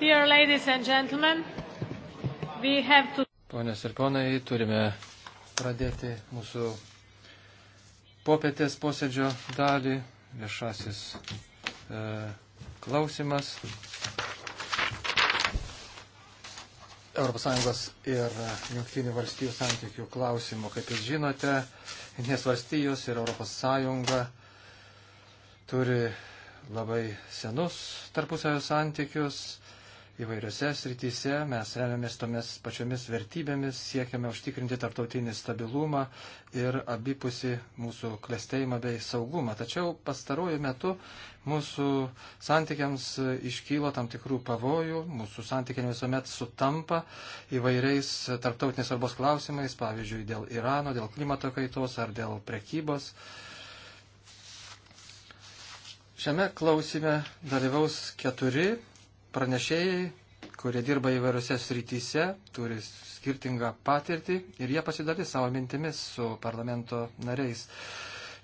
Dear ladies and gentlemen, we have to. Ponios ir ponai, turime pradėti mūsų popietės posėdžio dalį, viešasis e, klausimas. ES ir Junktinių valstybių santykių klausimų. Kaip jūs žinote, Junktinės valstijos ir ES turi labai senus tarpusavio santykius įvairiose srityse, mes remiamės tomis pačiomis vertybėmis, siekiame užtikrinti tarptautinį stabilumą ir abipusi mūsų klėstėjimą bei saugumą. Tačiau pastaruoju metu mūsų santykiams iškylo tam tikrų pavojų, mūsų santykiai visuomet sutampa įvairiais tarptautinės svarbos klausimais, pavyzdžiui, dėl Irano, dėl klimato kaitos ar dėl prekybos. Šiame klausime dalyvaus keturi pranešėjai, kurie dirba įvairiose srityse, turi skirtingą patirtį ir jie pasidalys savo mintimis su parlamento nariais.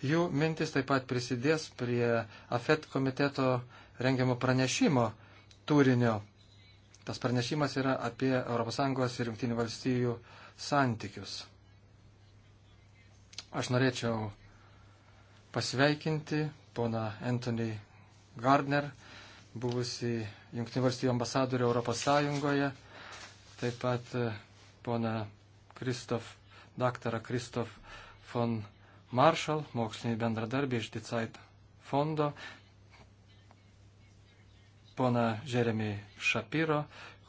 Jų mintis taip pat prisidės prie AFET komiteto rengiamo pranešimo turinio. Tas pranešimas yra apie ES ir Junktinių valstybių santykius. Aš norėčiau pasveikinti pona Anthony Gardner, buvusi Junktinių valstybių ambasadorių Europos Sąjungoje, taip pat e, pona Kristof, daktarą Kristof von Marshall, mokslinį bendradarbį iš Dicait fondo, pona Jeremy Shapiro,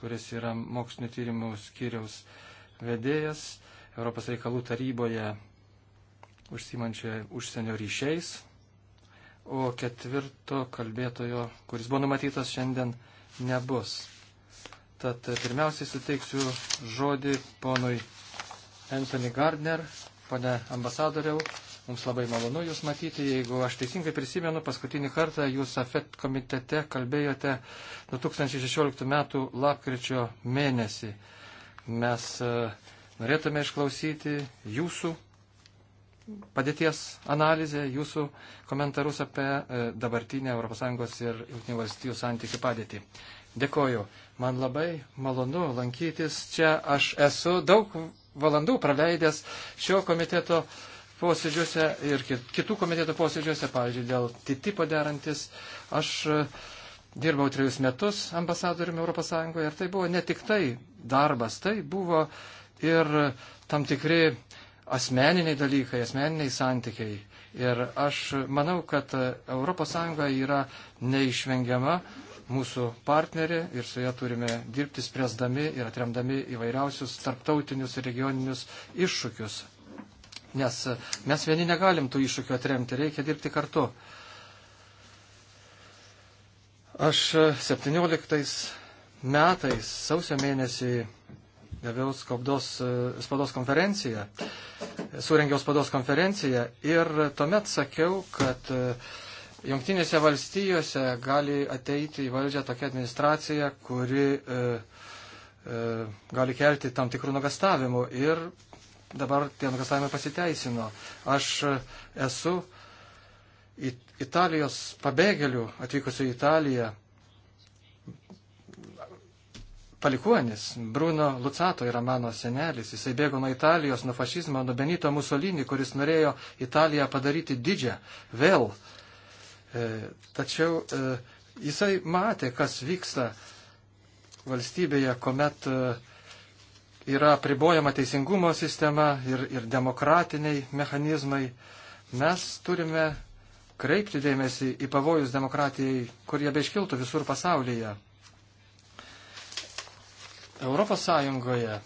kuris yra mokslinio tyrimų skyriaus vedėjas Europos reikalų taryboje užsimančioje užsienio ryšiais o ketvirto kalbėtojo, kuris buvo numatytas šiandien, nebus. Tad pirmiausiai suteiksiu žodį ponui Anthony Gardner, pone ambasadoriau. Mums labai malonu Jūs matyti. Jeigu aš teisingai prisimenu, paskutinį kartą Jūs AFET komitete kalbėjote 2016 m. lapkričio mėnesį. Mes e, norėtume išklausyti Jūsų padėties analizę, jūsų komentarus apie e, dabartinę ES ir JAV santykių padėtį. Dėkoju. Man labai malonu lankytis čia. Aš esu daug valandų praleidęs šio komiteto posėdžiuose ir kitų komiteto posėdžiuose, pavyzdžiui, dėl TTIPO derantis. Aš e, dirbau trejus metus ambasadoriumi ES ir tai buvo ne tik tai darbas, tai buvo ir tam tikri asmeniniai dalykai, asmeniniai santykiai. Ir aš manau, kad ES yra neišvengiama mūsų partnerė ir su ją turime dirbti spręsdami ir atremdami įvairiausius tarptautinius ir regioninius iššūkius. Nes mes vieni negalim tų iššūkių atremti, reikia dirbti kartu. Aš 17 metais sausio mėnesį daviau skaudos, e, spados konferenciją, surengiau spados konferenciją ir tuomet sakiau, kad e, Junktinėse valstijose gali ateiti į valdžią tokia administracija, kuri e, e, gali kelti tam tikrų nugastavimų ir dabar tie nugastavimai pasiteisino. Aš e, esu Italijos pabėgėlių atvykusių į Italiją palikuonis. Bruno Lucato yra mano senelis. Jisai bėgo nuo Italijos, nuo fašizmo, nuo Benito Musolini, kuris norėjo Italiją padaryti didžią. Vėl. E, tačiau e, jisai matė, kas vyksta valstybėje, kuomet e, yra pribojama teisingumo sistema ir, ir demokratiniai mechanizmai. Mes turime kreipti dėmesį į pavojus demokratijai, kurie beiškiltų visur pasaulyje. Europos Sąjungoje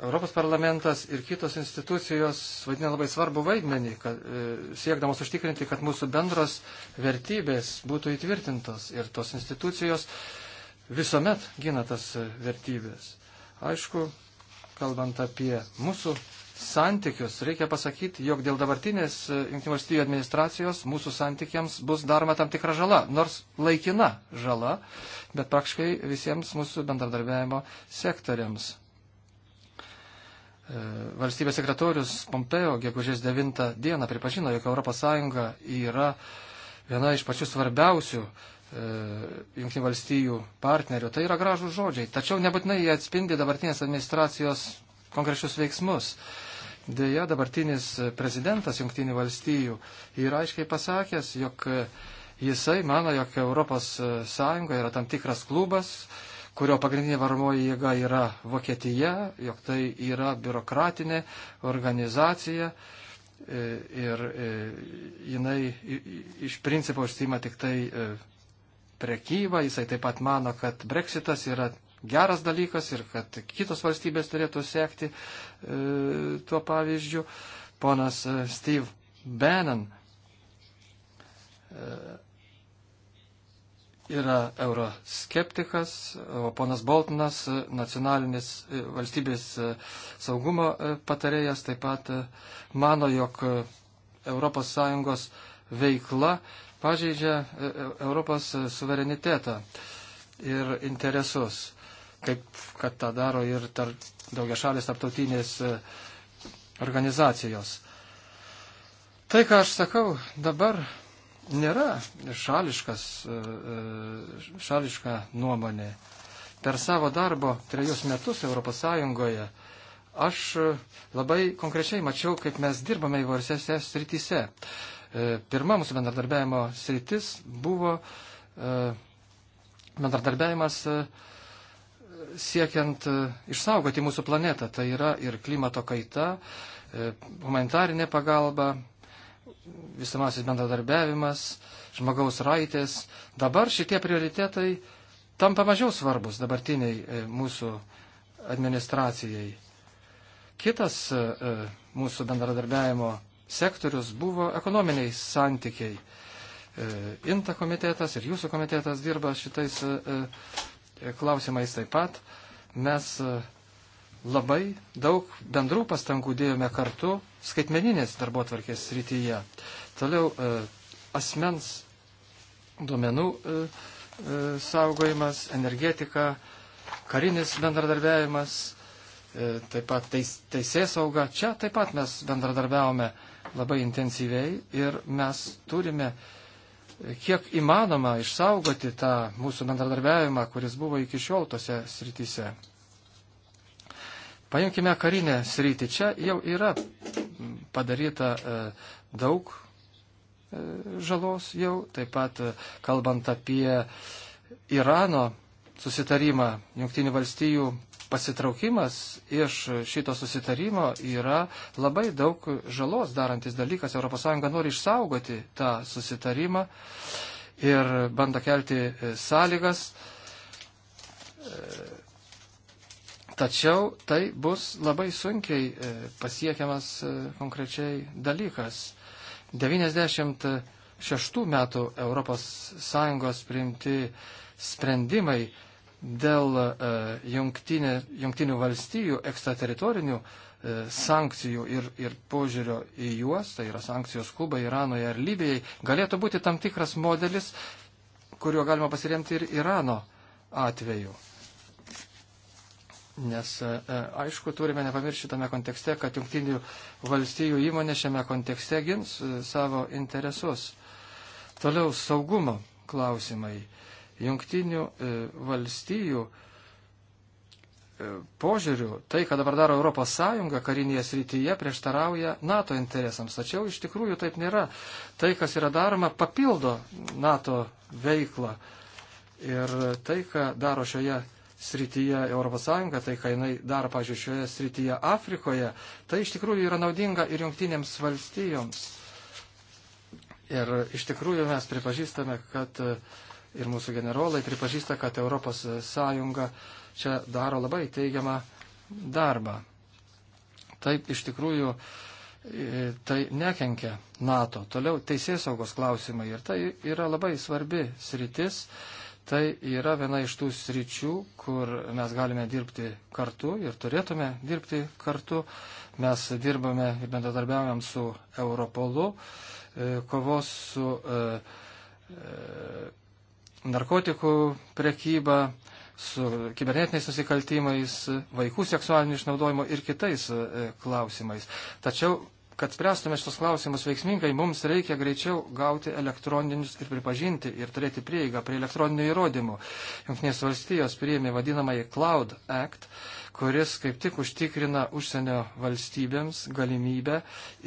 Europos parlamentas ir kitos institucijos vadina labai svarbu vaidmenį, kad, e, siekdamos užtikrinti, kad mūsų bendros vertybės būtų įtvirtintos ir tos institucijos visuomet gina tas vertybės. Aišku, kalbant apie mūsų santykius, reikia pasakyti, jog dėl dabartinės e, Junktinių valstybių administracijos mūsų santykiams bus daroma tam tikra žala, nors laikina žala, bet praktiškai visiems mūsų bendradarbiavimo sektoriams. E, valstybės sekretorius Pompeo gegužės 9 dieną pripažino, jog ES yra viena iš pačių svarbiausių e, Junktinių valstybių partnerių. Tai yra gražų žodžiai, tačiau nebūtinai jie atspindi dabartinės administracijos konkrečius veiksmus. Uh, Deja, dabartinis prezidentas Junktinių valstijų yra aiškiai pasakęs, jog jisai mano, jog Europos Sąjunga yra tam tikras klubas, kurio pagrindinė varmoji jėga yra Vokietija, jog tai yra biurokratinė organizacija e, ir e, jinai iš principo užsima tik tai e, prekybą. Jisai taip pat mano, kad breksitas yra geras dalykas ir kad kitos valstybės turėtų sekti e, tuo pavyzdžiu. Ponas e, Steve Bannon e, yra euroskeptikas, o ponas Boltonas e, nacionalinis e, valstybės saugumo patarėjas taip pat mano, jog ES veikla pažeidžia Europos suverenitetą ir interesus kaip kad tą daro ir tar, daugia šalis tarptautinės e, organizacijos. Tai, ką aš sakau, dabar nėra šališkas, e, e, šališka nuomonė. Per savo darbo trejus metus ES aš labai konkrečiai mačiau, kaip mes dirbame įvairiose srityse. Pirma mūsų bendradarbiavimo sritis buvo bendradarbiavimas siekiant e, išsaugoti mūsų planetą. Tai yra ir klimato kaita, e, humanitarinė pagalba, visamasis bendradarbiavimas, žmogaus raitės. Dabar šitie prioritetai tampa mažiau svarbus dabartiniai e, mūsų administracijai. Kitas mūsų bendradarbiavimo sektorius buvo ekonominiai santykiai. Inta komitetas ir jūsų komitetas dirba šitais klausimais taip pat mes e, labai daug bendrų pastangų dėjome kartu skaitmeninės darbo tvarkės srityje. Toliau e, asmens duomenų e, saugojimas, energetika, karinis bendradarbiavimas, taip pat teis, teisės sauga. Čia taip pat mes bendradarbiavome labai intensyviai ir mes turime uh, kiek įmanoma išsaugoti tą mūsų bendradarbiavimą, kuris buvo iki šiol tose srityse. Paimkime karinę sritį. Čia jau yra padaryta e, daug e, žalos jau, taip pat e, kalbant apie Irano susitarimą Junktinių valstijų pasitraukimas iš šito susitarimo yra labai daug žalos darantis dalykas. ES nori išsaugoti tą susitarimą ir bando kelti e, sąlygas. E, tačiau tai bus labai sunkiai e, pasiekiamas konkrečiai dalykas. 96 metų ES priimti sprendimai dėl e, jungtinė, jungtinių valstybių ekstrateritorinių e, sankcijų ir, ir požiūrio į juos, tai yra sankcijos Kubai, Iranui ar Libijai, galėtų būti tam tikras modelis, kuriuo galima pasiremti ir Irano atveju. Nes e, aišku, turime nepamiršti tame kontekste, kad jungtinių valstybių įmonė šiame kontekste gins savo interesus. Toliau saugumo klausimai. E, jungtinių e, valstijų e, požiūrių tai, ką dabar daro Europos Sąjunga karinėje srityje, prieštarauja NATO interesams. Tačiau iš tikrųjų taip nėra. Tai, kas yra daroma, papildo NATO veiklą. Ir tai, ką daro šioje srityje Europos Sąjunga, tai, ką jinai daro, pažiūrėjau, šioje srityje Afrikoje, tai iš tikrųjų yra naudinga ir jungtinėms valstijoms. Ir iš tikrųjų mes pripažįstame, kad uh, ir mūsų generolai pripažįsta, kad ES čia daro labai teigiamą darbą. Taip iš tikrųjų e, tai nekenkia NATO. Toliau teisėsaugos klausimai ir tai yra labai svarbi sritis. Tai yra viena iš tų sričių, kur mes galime dirbti kartu ir turėtume dirbti kartu. Mes dirbame ir bendradarbiaujam su Europolu, e, kovos su e, narkotikų prekyba, su kibernetiniais nusikaltimais, vaikų seksualiniu išnaudojimu ir kitais e, klausimais. Tačiau, kad spręstume šitos klausimus veiksmingai, mums reikia greičiau gauti elektroninius ir pripažinti ir turėti prieigą prie elektroninių įrodymų. Junktinės valstijos priėmė vadinamąjį Cloud Act, kuris kaip tik užtikrina užsienio valstybėms galimybę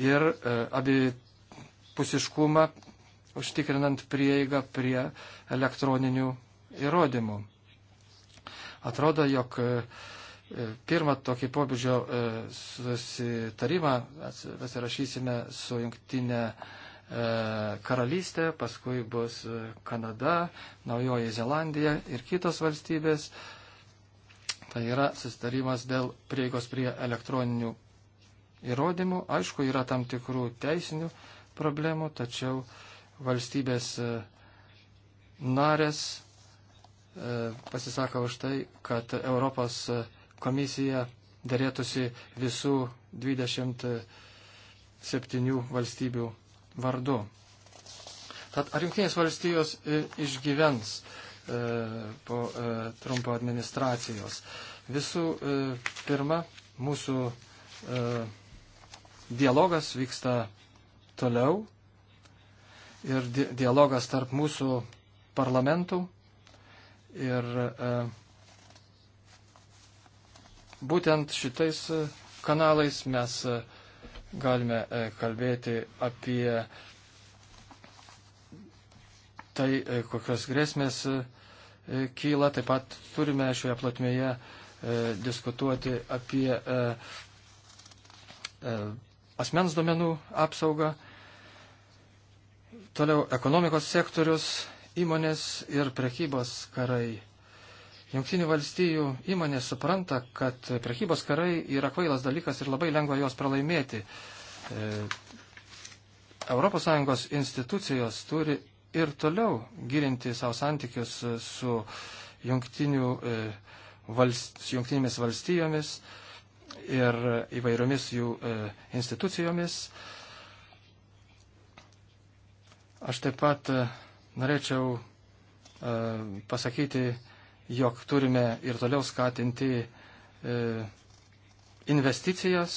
ir e, abipusiškumą užtikrinant prieigą prie elektroninių įrodymų. Atrodo, jog e, pirmą tokį pobūdžio e, susitarimą pasirašysime su jungtinė e, karalystė, paskui bus Kanada, Naujoji Zelandija ir kitos valstybės. Tai yra susitarimas dėl prieigos prie elektroninių įrodymų. Aišku, yra tam tikrų teisinių problemų, tačiau uh, valstybės e, narės e, pasisako už tai, kad Europos e, komisija dėrėtųsi visų 27 valstybių vardu. Tad ar Junktinės valstijos išgyvens po Trumpo administracijos? Visų pirma, mūsų dialogas vyksta toliau ir di dialogas tarp mūsų parlamentų. Ir e, būtent šitais e, kanalais mes e, galime e, kalbėti apie tai, e, kokios grėsmės e, e kyla. Taip pat turime šioje platmėje e, diskutuoti apie e, e, asmens duomenų apsaugą. E, Toliau ekonomikos sektorius, įmonės ir prekybos karai. Junktinių valstijų įmonės supranta, kad prekybos karai yra kvailas dalykas ir labai lengva juos pralaimėti. ES institucijos turi ir toliau gilinti savo santykius su jungtinių, e, valst, jungtinėmis valstijomis ir įvairiomis jų e, institucijomis. E, Aš taip pat e, norėčiau e, pasakyti, jog turime ir toliau skatinti e, investicijas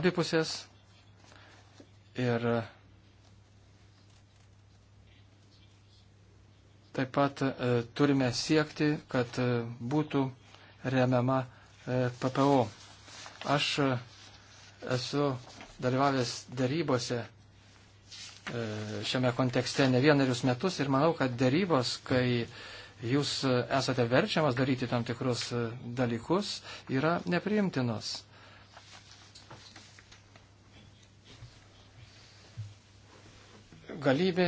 abipusės ir taip pat turime siekti, kad būtų remiama PPO. Aš esu dalyvavęs darybose E, šiame kontekste ne vienerius metus ir manau, kad dėrybos, kai jūs esate verčiamas daryti tam tikrus e, dalykus, yra nepriimtinos. Galybė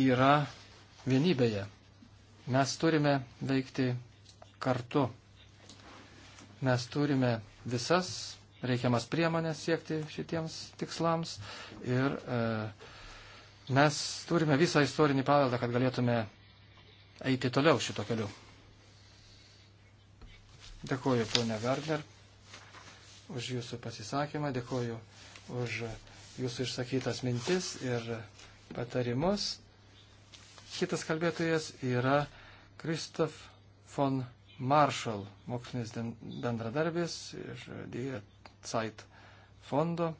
yra vienybėje. Mes turime veikti kartu. Mes turime visas reikiamas priemonės siekti šitiems tikslams ir e, Mes turime visą istorinį paveldą, kad galėtume eiti toliau šito keliu. Dėkuoju, ponia Gardner, už jūsų pasisakymą, dėkuoju už jūsų išsakytas mintis ir patarimus. Kitas kalbėtojas yra Kristof von Marshall, mokslinis bendradarbis iš Die Zeit fondo.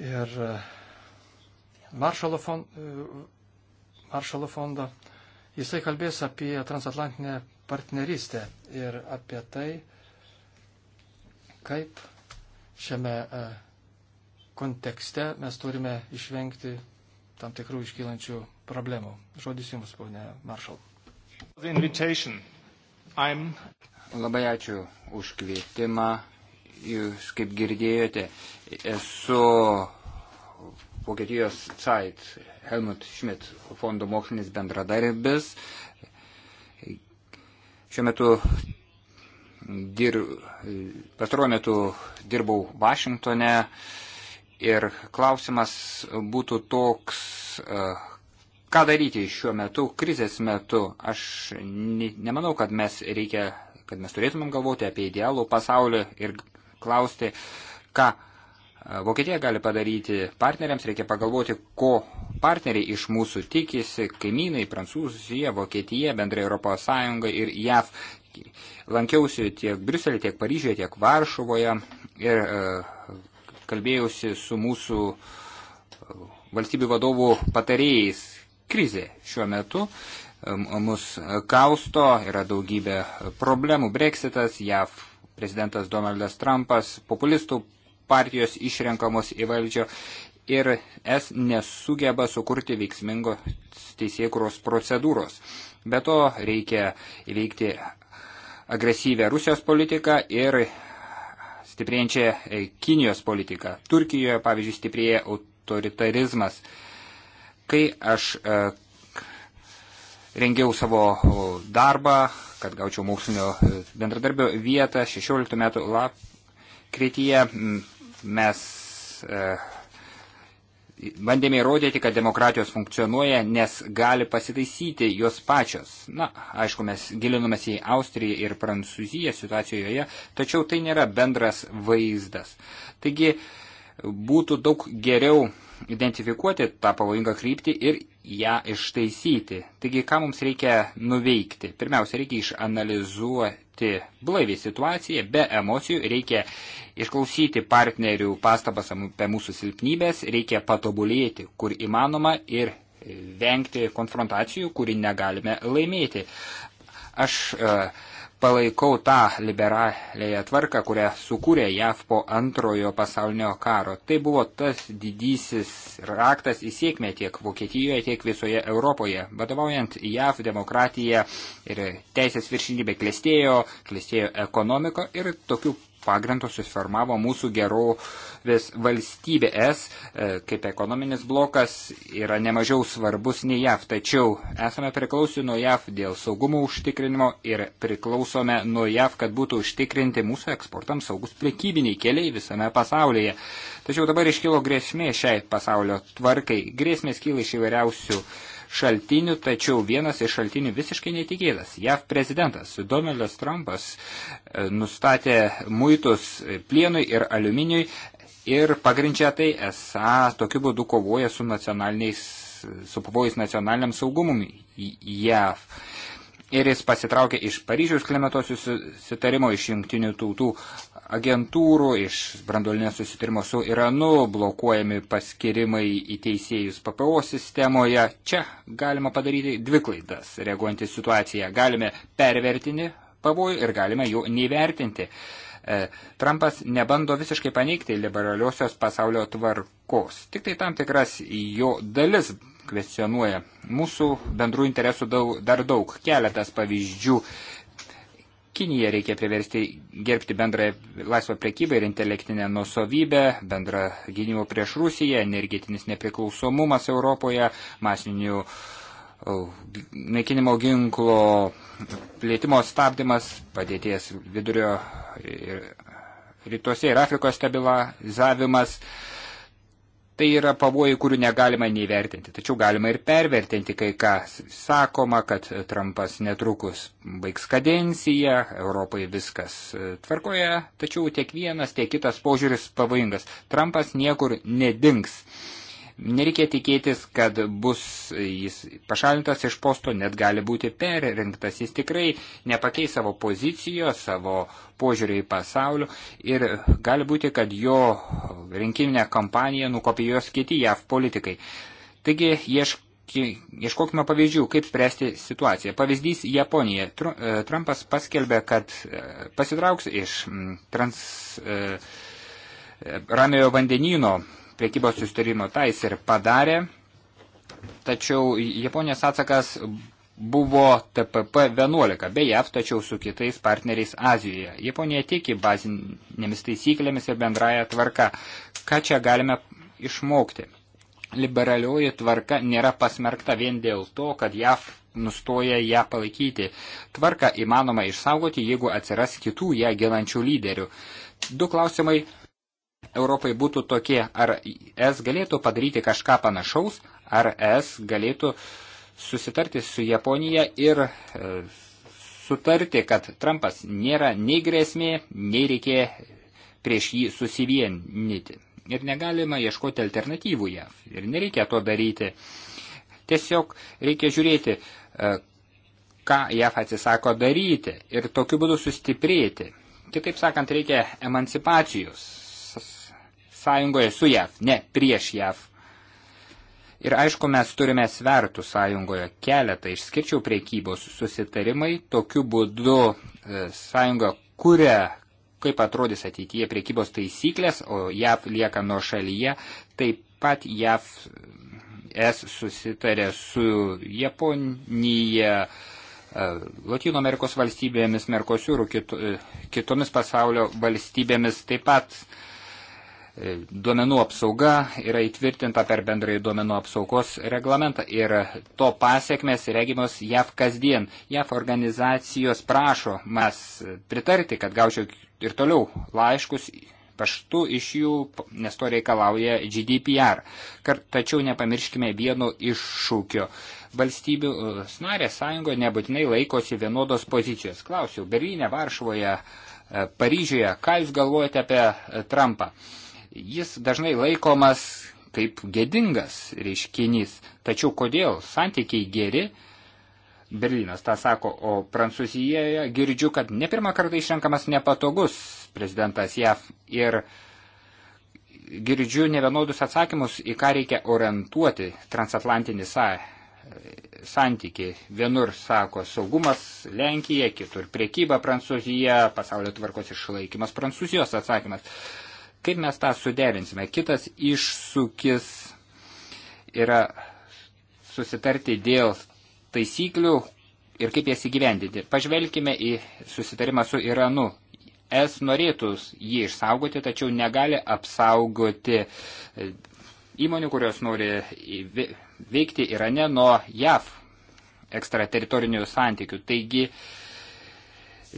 Ir uh, maršalo, fon, e, maršalo fondo. Jisai kalbės apie transatlantinę partnerystę ir apie tai, kaip šiame e, kontekste mes turime išvengti tam tikrų iškylančių problemų. Žodis Jums, ponė Maršal. Labai ačiū už kvietimą. Jūs, kaip girdėjote, esu Vokietijos Zeit Helmut Schmidt fondo mokslinis bendradarbis. Šiuo metu dir, pastaruoju metu dirbau Vašingtone ir klausimas būtų toks, e, ką daryti šiuo metu, krizės metu. Aš nemanau, kad mes reikia, kad mes turėtumėm galvoti apie idealų pasaulį ir klausti, ką Vokietija gali padaryti partneriams, reikia pagalvoti, ko partneriai iš mūsų tikisi, kaimynai, Prancūzija, Vokietija, bendrai Europos Sąjunga ir JAV. Lankiausi tiek Briuselį, tiek Paryžiuje, tiek Varšuvoje ir e, kalbėjausi su mūsų e, valstybių vadovų patarėjais. Krizė šiuo metu e, mus kausto, yra daugybė problemų. Brexitas, JAV prezidentas Donaldas Trumpas, populistų partijos išrenkamos į valdžią ir es nesugeba sukurti veiksmingos teisėkuros procedūros. Be to reikia įveikti agresyvę Rusijos politiką ir stiprėjančią e, Kinijos politiką. Turkijoje, pavyzdžiui, stiprėja autoritarizmas. Kai aš e, rengiau savo darbą, kad gaučiau mokslinio e, bendradarbio vietą 16 metų lapkrityje Mes e, bandėme įrodyti, kad demokratijos funkcionuoja, nes gali pasitaisyti jos pačios. Na, aišku, mes gilinomės į Austriją ir Prancūziją situacijoje, tačiau tai nėra bendras vaizdas. Taigi, būtų daug geriau identifikuoti tą pavojingą kryptį ir ją ištaisyti. Taigi, ką mums reikia nuveikti? Pirmiausia, reikia išanalizuoti vertinti blaiviai situaciją, be emocijų, reikia išklausyti partnerių pastabas apie mūsų silpnybės, reikia patobulėti, kur įmanoma ir vengti konfrontacijų, kurį negalime laimėti. Aš uh, palaikau tą liberalėją tvarką, kurią sukūrė JAV po antrojo pasaulinio karo. Tai buvo tas didysis raktas į sėkmę tiek Vokietijoje, tiek visoje Europoje. Vadovaujant JAV demokratija ir teisės viršinybė klestėjo, klestėjo ekonomiko ir tokiu pagrindu susiformavo mūsų gerovės valstybė. Es e, kaip ekonominis blokas yra nemažiau svarbus nei JAV, tačiau esame priklausomi nuo JAV dėl saugumo užtikrinimo ir priklausome nuo JAV, kad būtų užtikrinti mūsų eksportams saugus prekybiniai keliai visame pasaulyje. Tačiau dabar iškilo grėsmė šiai pasaulio tvarkai. Grėsmės kyla iš įvairiausių uh, šaltinių, tačiau vienas iš šaltinių visiškai netikėtas. JAV prezidentas Donaldas Trumpas e, nustatė muitus plienui ir aliuminiui ir pagrindžia tai esą tokiu būdu kovoja su nacionaliniais su pavojais nacionaliniam saugumui JAV. Ir jis pasitraukė iš Paryžiaus klimatosių susitarimo, iš jungtinių tautų agentūrų, iš brandolinio susitarimo su Iranu, blokuojami paskirimai į teisėjus PPO sistemoje. Čia galima padaryti dvi klaidas, reaguojant į situaciją. Galime pervertinį pavojų ir galime jų neįvertinti. E, Trumpas nebando visiškai paneigti liberaliosios pasaulio tvarkos. Tik tai tam tikras jo dalis kvestionuoja. Mūsų bendrų interesų daug, dar daug. Keletas pavyzdžių Kiniją reikia priversti gerbti bendrąją laisvą prekybą ir intelektinę nusovybę, bendrą gynimo prieš Rusiją, energetinis nepriklausomumas Europoje, masinių naikinimo ginklo plėtimo stabdymas, padėties vidurio ir rytuose ir Afrikos stabilizavimas. Tai yra pavojai, kurių negalima neįvertinti, tačiau galima ir pervertinti kai ką. Sakoma, kad Trumpas netrukus baigs kadenciją, Europai viskas e, tvarkoja, tačiau tiek vienas, tiek kitas požiūris pavojingas. Trumpas niekur nedings. Nereikia tikėtis, kad bus jis pašalintas iš posto, net gali būti perrinktas. Jis tikrai nepakeis savo pozicijos, savo požiūrį į pasaulio ir gali būti, kad jo rinkiminę kampaniją nukopijuos kiti JAV politikai. Taigi ieški, ieškokime pavyzdžių, kaip spręsti situaciją. Pavyzdys Japonija. E, Trumpas paskelbė, kad e, pasitrauks iš trans, e, ramiojo vandenyno priekybos sustarimo tais ir padarė. Tačiau Japonijos atsakas buvo TPP-11, be JAV, tačiau su kitais partneriais Azijoje. Japonija tiki bazinėmis taisyklėmis ir bendraja tvarka. Ką čia galime išmokti? Liberalioji tvarka nėra pasmerkta vien dėl to, kad JAV nustoja ją palaikyti. Tvarką įmanoma išsaugoti, jeigu atsiras kitų ją ginančių lyderių. Du klausimai Europai būtų tokie, ar es galėtų padaryti kažką panašaus, ar es galėtų uh, susitarti su Japonija ir e, sutarti, kad Trumpas nėra nei grėsmė, nei reikia prieš jį susivienyti. Ir negalima ieškoti alternatyvų jav. Ir nereikia to daryti. Tiesiog reikia žiūrėti, e, ką jav atsisako daryti ir tokiu būdu sustiprėti. Kitaip sakant, reikia emancipacijos sąjungoje su jav, ne prieš jav. Ir aišku, mes turime svertų sąjungoje keletą, išskirčiau priekybos susitarimai, tokiu būdu e, sąjunga kuria, kaip atrodys ateityje priekybos taisyklės, o JAV lieka nuo šalyje, taip pat JAV es susitarė su Japonija, e, Latino Amerikos valstybėmis, Merkosiūrų, kito, e, kitomis pasaulio valstybėmis, taip pat uh, Duomenų apsauga yra įtvirtinta per bendrąjį duomenų apsaugos reglamentą ir to pasiekmes regimos JAV kasdien. JAV organizacijos prašo mes pritarti, kad gaučiau ir toliau laiškus paštu iš jų, nes to reikalauja GDPR. Kar, tačiau nepamirškime vieno iššūkio. Valstybių e, narės sąjungoje nebūtinai laikosi vienodos pozicijos. Klausiau, Berlyne, Varšuvoje, e, Paryžiuje, ką jūs galvojate apie e, Trumpą? Jis dažnai laikomas kaip gėdingas reiškinys. Tačiau kodėl santykiai geri? Berlynas tą sako, o Prancūzijoje girdžiu, kad ne pirmą kartą išrenkamas nepatogus prezidentas JAV ir girdžiu ne vienodus atsakymus, į ką reikia orientuoti transatlantinį sa santyki. Vienur sako saugumas Lenkija, kitur priekyba Prancūzija, pasaulio tvarkos išlaikymas Prancūzijos atsakymas. Kaip mes tą suderinsime? Kitas iššūkis yra susitarti dėl taisyklių ir kaip jas įgyvendinti. Pažvelkime į susitarimą su Iranu. Es norėtų jį išsaugoti, tačiau negali apsaugoti e, įmonių, kurios nori veikti Irane nuo JAV ekstrateritorinių santykių. Taigi, uh,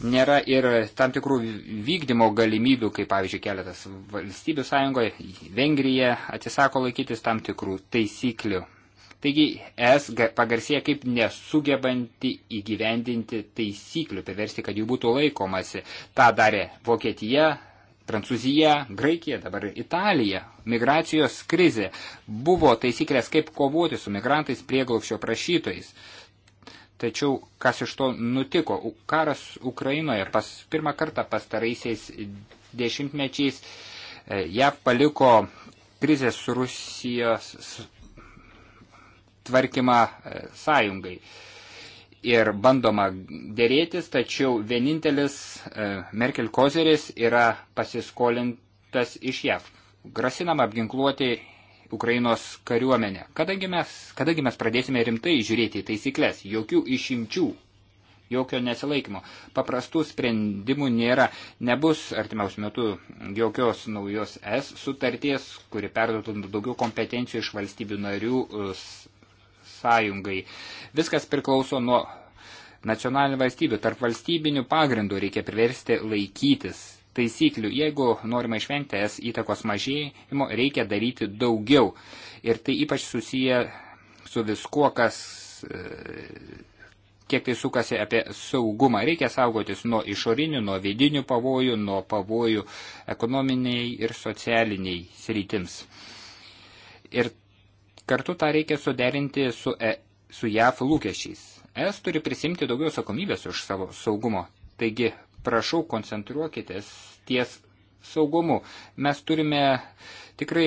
nėra ir tam tikrų vykdymo galimybių, kaip pavyzdžiui keletas valstybių sąjungoje, Vengrija atsisako laikytis tam tikrų taisyklių. Taigi es pagarsėja kaip nesugebanti įgyvendinti taisyklių, perversti, kad jų būtų laikomasi. Ta darė Vokietija, Prancūzija, Graikija, dabar Italija. Migracijos krizė buvo taisyklės, kaip kovoti su migrantais prieglaukščio prašytojais. Tačiau kas iš to nutiko? Karas Ukrainoje pas, pirmą kartą pastaraisiais dešimtmečiais e, ją paliko krizės su Rusijos tvarkymą e, sąjungai. Ir bandoma dėrėtis, tačiau vienintelis e, Merkel kozeris yra pasiskolintas iš JAV. Grasinama apginkluoti Ukrainos kariuomenę. Kadangi mes, kadangi mes pradėsime rimtai žiūrėti į taisyklės, jokių išimčių, jokio nesilaikymo, paprastų sprendimų nėra, nebus artimiausių metų jokios naujos S sutarties, kuri perduotų daugiau kompetencijų iš valstybių narių sąjungai. Viskas priklauso nuo nacionalinių valstybių, tarp valstybinių pagrindų reikia priversti laikytis taisyklių. Jeigu norima išvengti es įtakos mažėjimo, reikia daryti daugiau. Ir tai ypač susiję su viskuo, kas e, kiek tai sukasi apie saugumą. Reikia saugotis nuo išorinių, nuo vidinių pavojų, nuo pavojų ekonominiai ir socialiniai sritims. Ir kartu tą reikia suderinti su, e, su JAF lūkesčiais. Es turi prisimti daugiau atsakomybės už savo saugumo. Taigi prašau koncentruokitės ties saugumu. Mes turime tikrai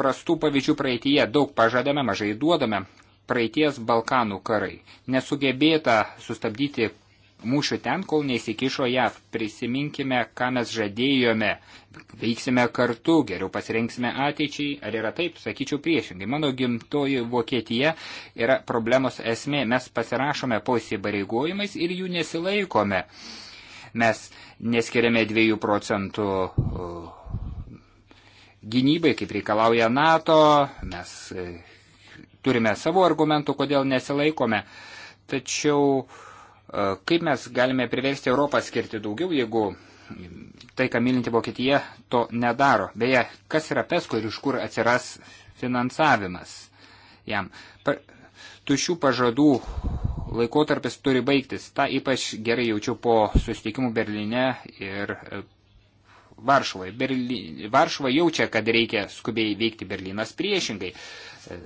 prastų pavyzdžių praeitie, daug pažadame, mažai duodame. Praeities Balkanų karai. Nesugebėta sustabdyti mūšių ten, kol neįsikišo JAV. Prisiminkime, ką mes žadėjome. Veiksime kartu, geriau pasirinksime ateičiai. Ar yra taip? Sakyčiau priešingai. Mano gimtoji Vokietija yra problemos esmė. Mes pasirašome po įsibareigojimais ir jų nesilaikome. Uh, Mes neskiriame 2 procentų uh, gynybai, kaip reikalauja NATO, mes uh, turime savo argumentų, kodėl nesilaikome. Tačiau uh, kaip mes galime priversti Europą skirti daugiau, jeigu tai, ką mylinti Vokietija, to nedaro. Beje, kas yra PESCO ir iš kur atsiras finansavimas jam? Par, tušių pažadų laikotarpis turi baigtis. Ta ypač gerai jaučiu po susitikimų Berlyne ir e, Varšuvai. Berly... Varšuva jaučia, kad reikia skubiai veikti Berlynas priešingai. E,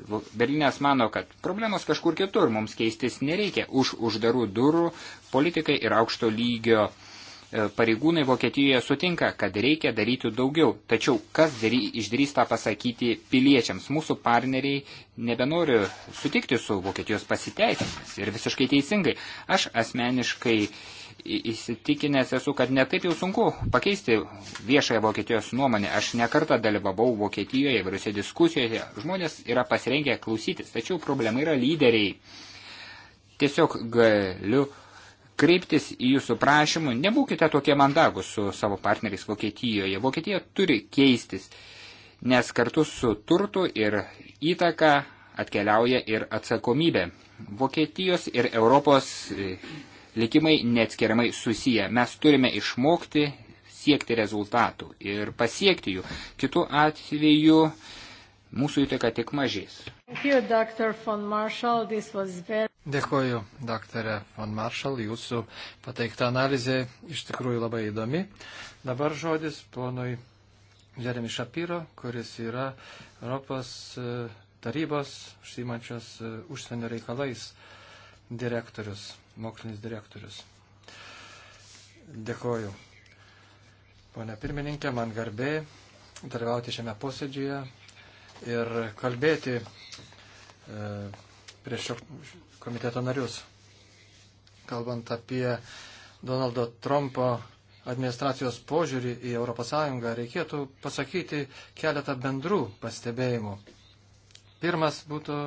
Berlynas mano, kad problemos kažkur kitur, mums keistis nereikia. Už uždarų durų politikai ir aukšto lygio uh, E, pareigūnai Vokietijoje sutinka, kad reikia daryti daugiau. Tačiau kas dary, išdrys tą pasakyti piliečiams? Mūsų partneriai nebenori sutikti su Vokietijos pasiteisinimis ir visiškai teisingai. Aš asmeniškai įsitikinęs esu, kad netaip jau sunku pakeisti viešąją Vokietijos nuomonę. Aš nekartą dalyvavau Vokietijoje įvairiose diskusijose. Žmonės yra pasirengę klausytis, tačiau problema yra lyderiai. Tiesiog galiu uh, kreiptis į jūsų prašymų, nebūkite tokie mandagus su savo partneriais Vokietijoje. Vokietija turi keistis, nes kartu su turtu ir įtaka atkeliauja ir atsakomybė. Vokietijos ir Europos e, likimai neatskiriamai susiję. Mes turime išmokti siekti rezultatų ir pasiekti jų. Kitu atveju Mūsų įtaka tik mažės. Dėkuoju, daktarė von Marshall, jūsų pateikta analizė iš tikrųjų labai įdomi. Dabar žodis ponui Jeremi Šapyro, kuris yra Europos e, tarybos užsimančios e, užsienio reikalais direktorius, mokslinis direktorius. Dėkuoju. Pone pirmininkė, man garbė dalyvauti šiame posėdžiuje ir kalbėti e, prieš šio komiteto narius. Kalbant apie Donaldo Trumpo administracijos požiūrį į ES, reikėtų pasakyti keletą bendrų pastebėjimų. Pirmas būtų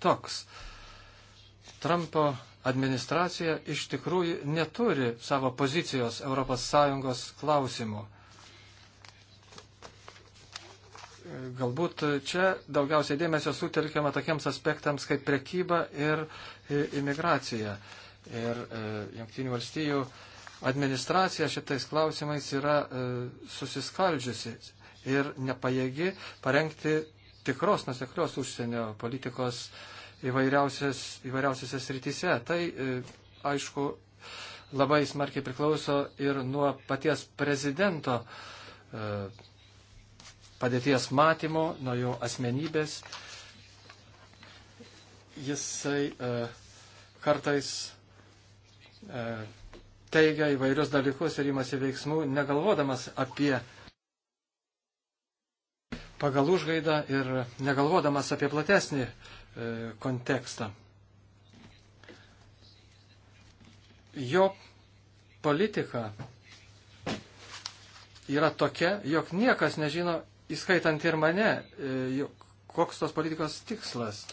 toks. Trumpo administracija iš tikrųjų neturi savo pozicijos ES klausimų. Galbūt čia daugiausiai dėmesio sutelkiama tokiems aspektams kaip prekyba ir imigracija. Ir e, Junktinių valstijų administracija šitais klausimais yra e, susiskaldžiusi ir nepajėgi parengti tikros nuseklios užsienio politikos įvairiausiose srityse. Tai, e, aišku, labai smarkiai priklauso ir nuo paties prezidento padėties matymo, nuo jo asmenybės. Jisai e, kartais e, teigia įvairius dalykus ir imasi veiksmų, negalvodamas apie pagal užgaidą ir negalvodamas apie platesnį e, kontekstą. Jo politika yra tokia, jog niekas nežino, įskaitant ir mane, e, koks tos politikos tikslas.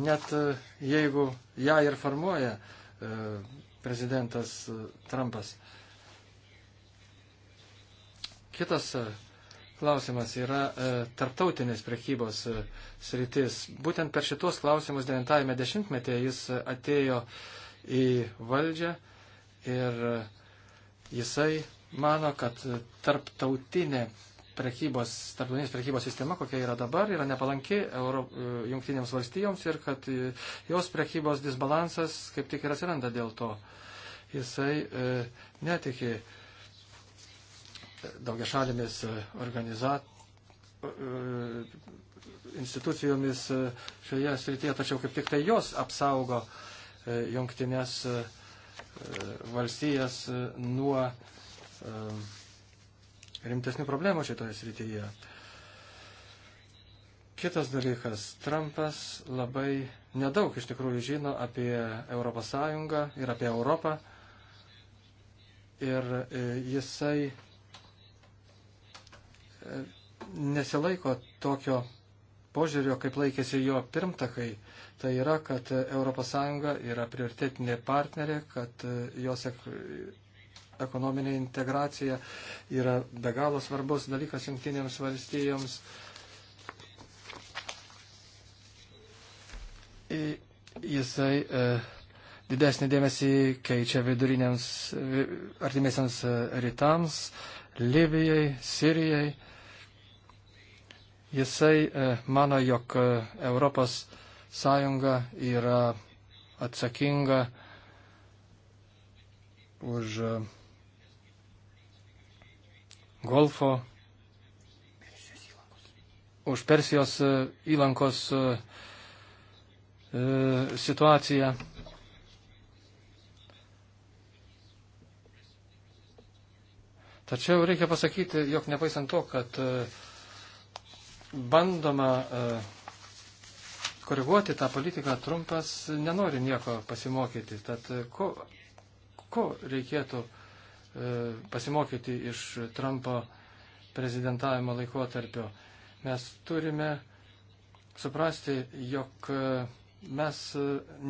Net e, jeigu ją ir formuoja e, prezidentas Trumpas. Kitas klausimas yra tarptautinės prekybos sritis. Būtent per šitos klausimus 90-ame dešimtmetyje jis atėjo į valdžią ir jisai mano, kad tarptautinė prekybos, tarptautinės prekybos sistema, kokia yra dabar, yra nepalanki Euro, e, jungtinėms valstijoms ir kad e, jos prekybos disbalansas kaip tik ir atsiranda dėl to. Jisai e, netiki daugia šalimis e, organizat, e, institucijomis šioje srityje, tačiau kaip tik tai jos apsaugo e, jungtinės e, valstijas e, nuo e, E, rimtesnių problemų šitoje srityje. Kitas dalykas, Trumpas labai nedaug iš tikrųjų žino apie ES ir apie Europą. Ir e, jisai e, nesilaiko tokio požiūrio, kaip laikėsi jo pirmtakai. Tai yra, kad ES yra prioritetinė partnerė, kad jos ekonominė integracija yra be galo svarbus dalykas jungtinėms valstijoms. Jisai e, didesnį dėmesį keičia viduriniams, artimiesiams e, rytams, Libijai, Sirijai. Jisai e, mano, jog e, Europos Sąjunga yra atsakinga už e, golfo, už Persijos e, įlankos e, e, situaciją. Tačiau reikia pasakyti, jog nepaisant to, kad bandoma koreguoti tą politiką, Trumpas nenori nieko pasimokyti. Tad ko, ko reikėtų E, pasimokyti iš Trumpo prezidentavimo laikotarpio. Mes turime suprasti, jog e, mes e,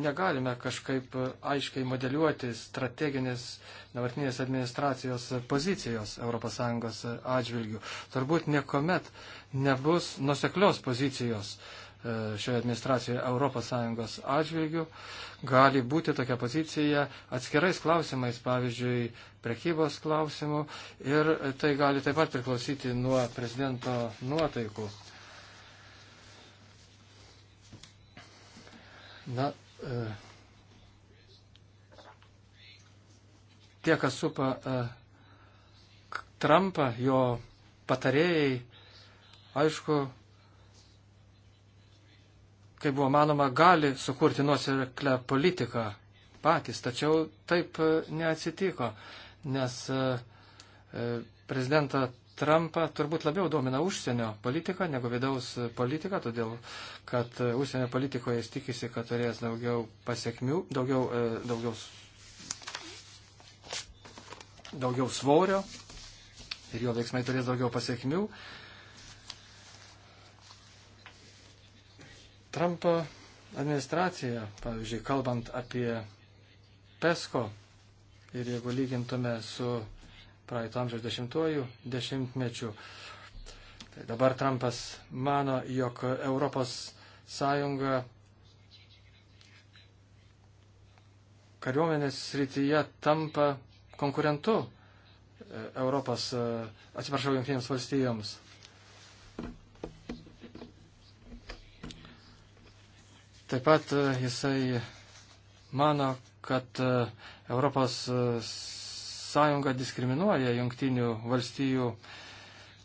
negalime kažkaip aiškiai modeliuoti strateginės dabartinės administracijos pozicijos ES atžvilgių. Turbūt niekuomet nebus nuseklios pozicijos E, šioje administracijoje ES atžvilgių, gali būti tokia pozicija atskirais klausimais, pavyzdžiui, prekybos klausimų ir tai gali taip pat priklausyti nuo prezidento nuotaikų. Na, e, tie, kas supa e, Trumpą, jo patarėjai, aišku, kaip buvo manoma, gali sukurti nuoseklę politiką patys, tačiau taip e, neatsitiko, nes e, e, prezidentą Trumpą turbūt labiau domina užsienio politika negu vidaus politika, todėl kad užsienio politikoje jis tikisi, kad turės daugiau pasiekmių, daugiau, daugiau, daugiau svorio ir jo veiksmai turės daugiau pasiekmių. Trumpo administracija, pavyzdžiui, kalbant apie PESCO ir jeigu lygintume su praeito amžiaus dešimtuoju dešimtmečiu, tai dabar Trumpas mano, jog Europos Sąjunga kariuomenės srityje tampa konkurentu e, Europos, e, atsiprašau, jungtinėms valstijoms. Taip pat e, jisai mano, kad e, Europos e, Sąjunga diskriminuoja jungtinių valstijų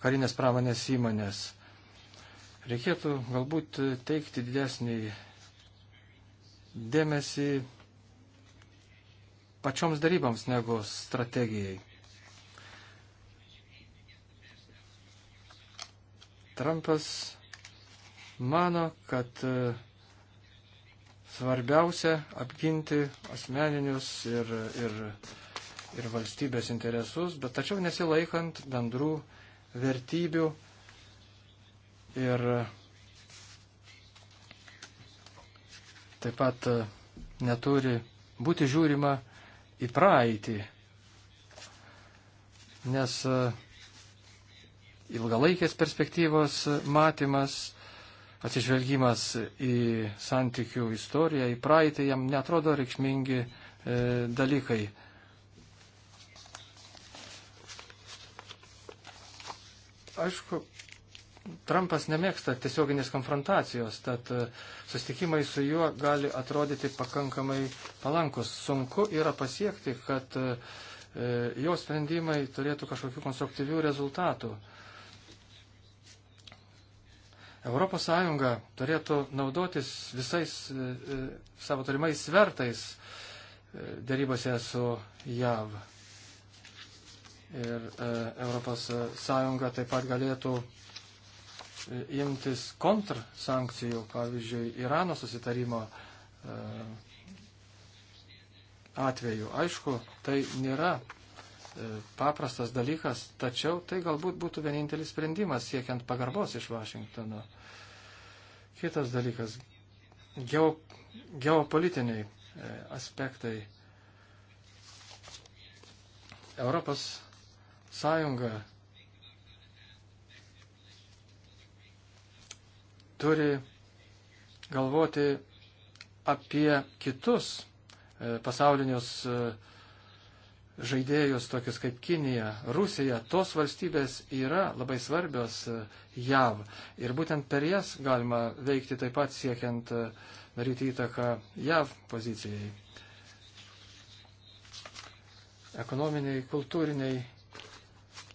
karinės pramonės įmonės. Reikėtų galbūt teikti didesnį dėmesį pačioms daryboms negu strategijai. Trumpas mano, kad uh, Svarbiausia apginti asmeninius ir, ir, ir valstybės interesus, bet tačiau nesilaikant bendrų vertybių ir taip pat neturi būti žiūrima į praeitį, nes ilgalaikės perspektyvos matymas atsižvelgimas į santykių istoriją, į praeitį, jam netrodo reikšmingi e, dalykai. Aišku, Trumpas nemėgsta tiesioginės konfrontacijos, tad e, sustikimai su juo gali atrodyti pakankamai palankus. Sunku yra pasiekti, kad e, jo sprendimai turėtų kažkokių konstruktyvių rezultatų. E, ES turėtų naudotis visais e, e, savo turimais svertais e, dėrybose su JAV. Ir ES taip pat galėtų imtis kontrsankcijų, pavyzdžiui, Irano susitarimo atveju. Aišku, tai nėra E, paprastas dalykas, tačiau tai galbūt būtų vienintelis sprendimas siekiant pagarbos iš Vašingtono. Kitas dalykas - geo, geopolitiniai e, aspektai. Europos Sąjunga turi galvoti apie kitus e, pasaulinius žaidėjus tokius kaip Kinija, Rusija, tos valstybės yra labai svarbios e, JAV. Ir būtent per jas galima veikti taip pat siekiant e, daryti įtaką JAV pozicijai. Ekonominiai, kultūriniai,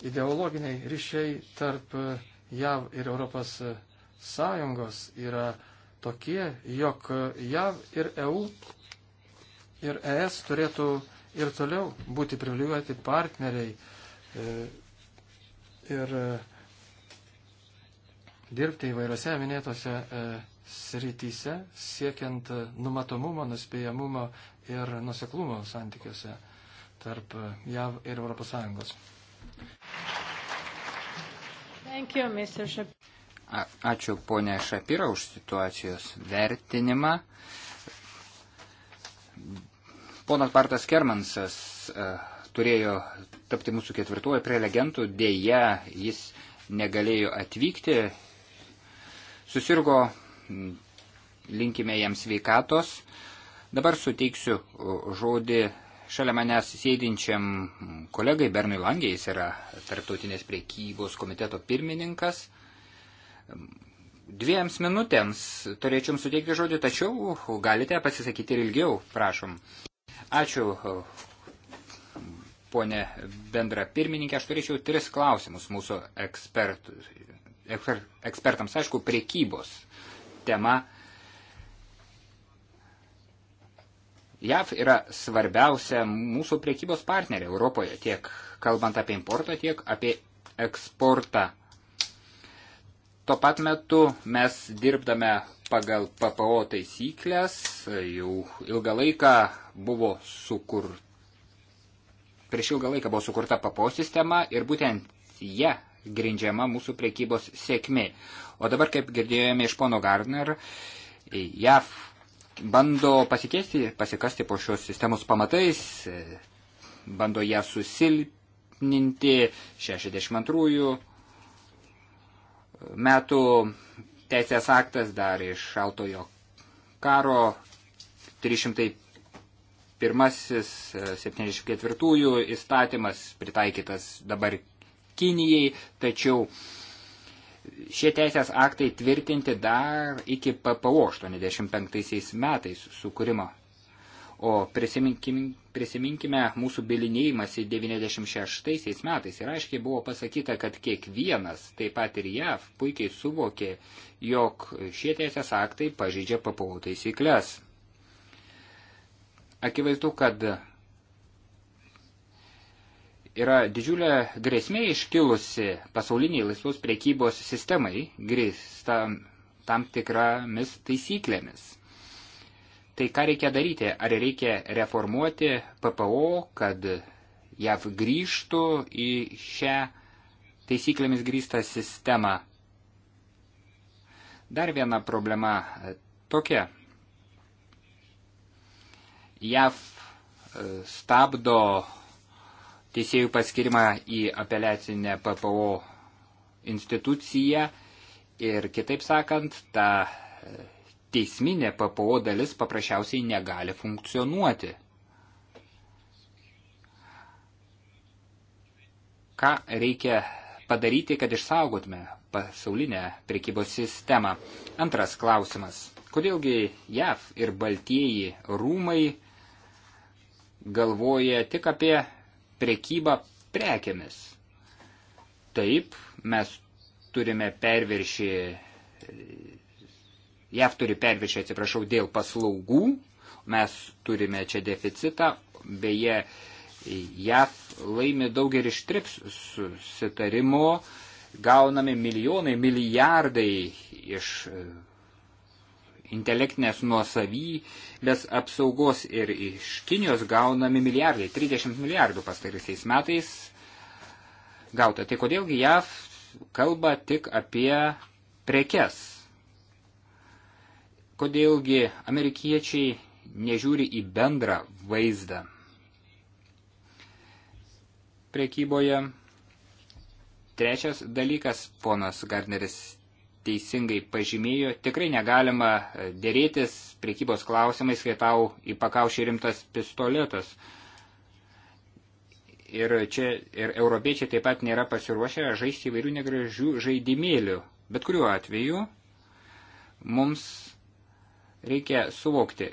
ideologiniai ryšiai tarp e, JAV ir Europos Sąjungos yra tokie, jog JAV ir EU ir ES turėtų ir toliau būti privilegijuoti partneriai e, ir e, dirbti įvairiose minėtose e, srityse, siekiant numatomumo, nuspėjamumo ir nuseklumo santykiuose tarp JAV ir ES. You, Ačiū ponė Šapira už situacijos vertinimą Ponas Bartas Kermansas e, turėjo tapti mūsų ketvirtuoju prelegentų, dėja jis negalėjo atvykti, susirgo, linkime jam sveikatos. Dabar suteiksiu žodį šalia manęs sėdinčiam kolegai Bernui Langiai, jis yra Tartautinės priekybos komiteto pirmininkas. Dviems minutėms turėčiau suteikti žodį, tačiau galite pasisakyti ir ilgiau, prašom. Ačiū, ponė bendra pirmininkė. Aš turėčiau tris klausimus mūsų ekspertų, eksper, ekspertams. Aišku, priekybos tema. JAV yra svarbiausia mūsų priekybos partnerė Europoje, tiek kalbant apie importą, tiek apie eksportą. Tuo pat metu mes dirbdame pagal PPO taisyklės, jau ilgą laiką buvo sukurta. Prieš ilgą laiką buvo sukurta PAPO sistema ir būtent jie grindžiama mūsų prekybos sėkmė. O dabar, kaip girdėjome iš pono Gardner, JAV bando pasikeisti, pasikasti po šios sistemos pamatais, bando ją susilpninti 62 metų teisės aktas dar iš šaltojo karo 300 Pirmasis 74-ųjų e, įstatymas pritaikytas dabar Kinijai, tačiau šie teisės aktai tvirtinti dar iki PPO 85 metais sukūrimo. O prisiminkime, prisiminkime mūsų bilinėjimąsi 96 metais ir aiškiai buvo pasakyta, kad kiekvienas, taip pat ir JAV, puikiai suvokė, jog šie teisės aktai pažydžia PPO taisyklės. Akivaizdu, kad yra didžiulė grėsmė iškilusi pasauliniai laisvos priekybos sistemai grįsta tam tikramis taisyklėmis. Tai ką reikia daryti? Ar reikia reformuoti PPO, kad JAV grįžtų į šią taisyklėmis grįstą sistemą? Dar viena problema tokia. JAV e, stabdo teisėjų paskirimą į apeliacinę PPO instituciją ir kitaip sakant, ta e, teisminė PPO dalis paprasčiausiai negali funkcionuoti. Ką reikia padaryti, kad išsaugotume pasaulinę prekybos sistemą? Antras klausimas. Kodėlgi JAV ir Baltieji rūmai galvoja tik apie prekybą prekiamis. Taip, mes turime perviršį, JAV turi perviršį, atsiprašau, dėl paslaugų, mes turime čia deficitą, beje, JAV laimi daug ir iš trips susitarimo, gauname milijonai, milijardai iš intelektinės nuosavybės apsaugos ir iš Kinijos gaunami milijardai, 30 milijardų pastarysiais metais gauta. Tai kodėlgi JAV kalba tik apie prekes? Kodėlgi amerikiečiai nežiūri į bendrą vaizdą? Prekyboje trečias dalykas, ponas Gardneris teisingai pažymėjo, tikrai negalima e, dėrėtis priekybos klausimais, kai tau į pakaušį rimtas pistoletas. Ir čia ir europiečiai taip pat nėra pasiruošę žaisti įvairių negražių žaidimėlių. Bet kuriuo atveju mums reikia suvokti,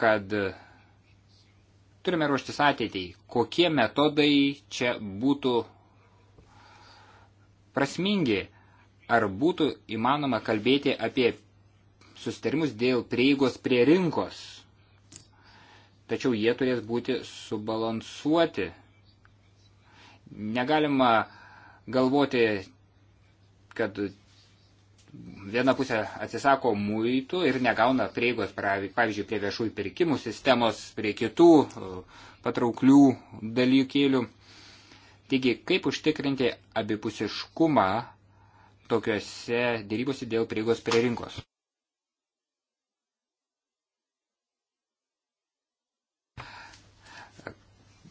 kad turime ruoštis ateitėjai, kokie metodai čia būtų prasmingi ar būtų įmanoma kalbėti apie sustarimus dėl prieigos prie rinkos. Tačiau jie turės būti subalansuoti. Negalima galvoti, kad viena pusė atsisako muitų ir negauna prieigos, pavyzdžiui, prie viešųjų pirkimų sistemos, prie kitų patrauklių dalykėlių. Taigi, kaip užtikrinti abipusiškumą tokiuose dėrybose dėl prieigos prie rinkos.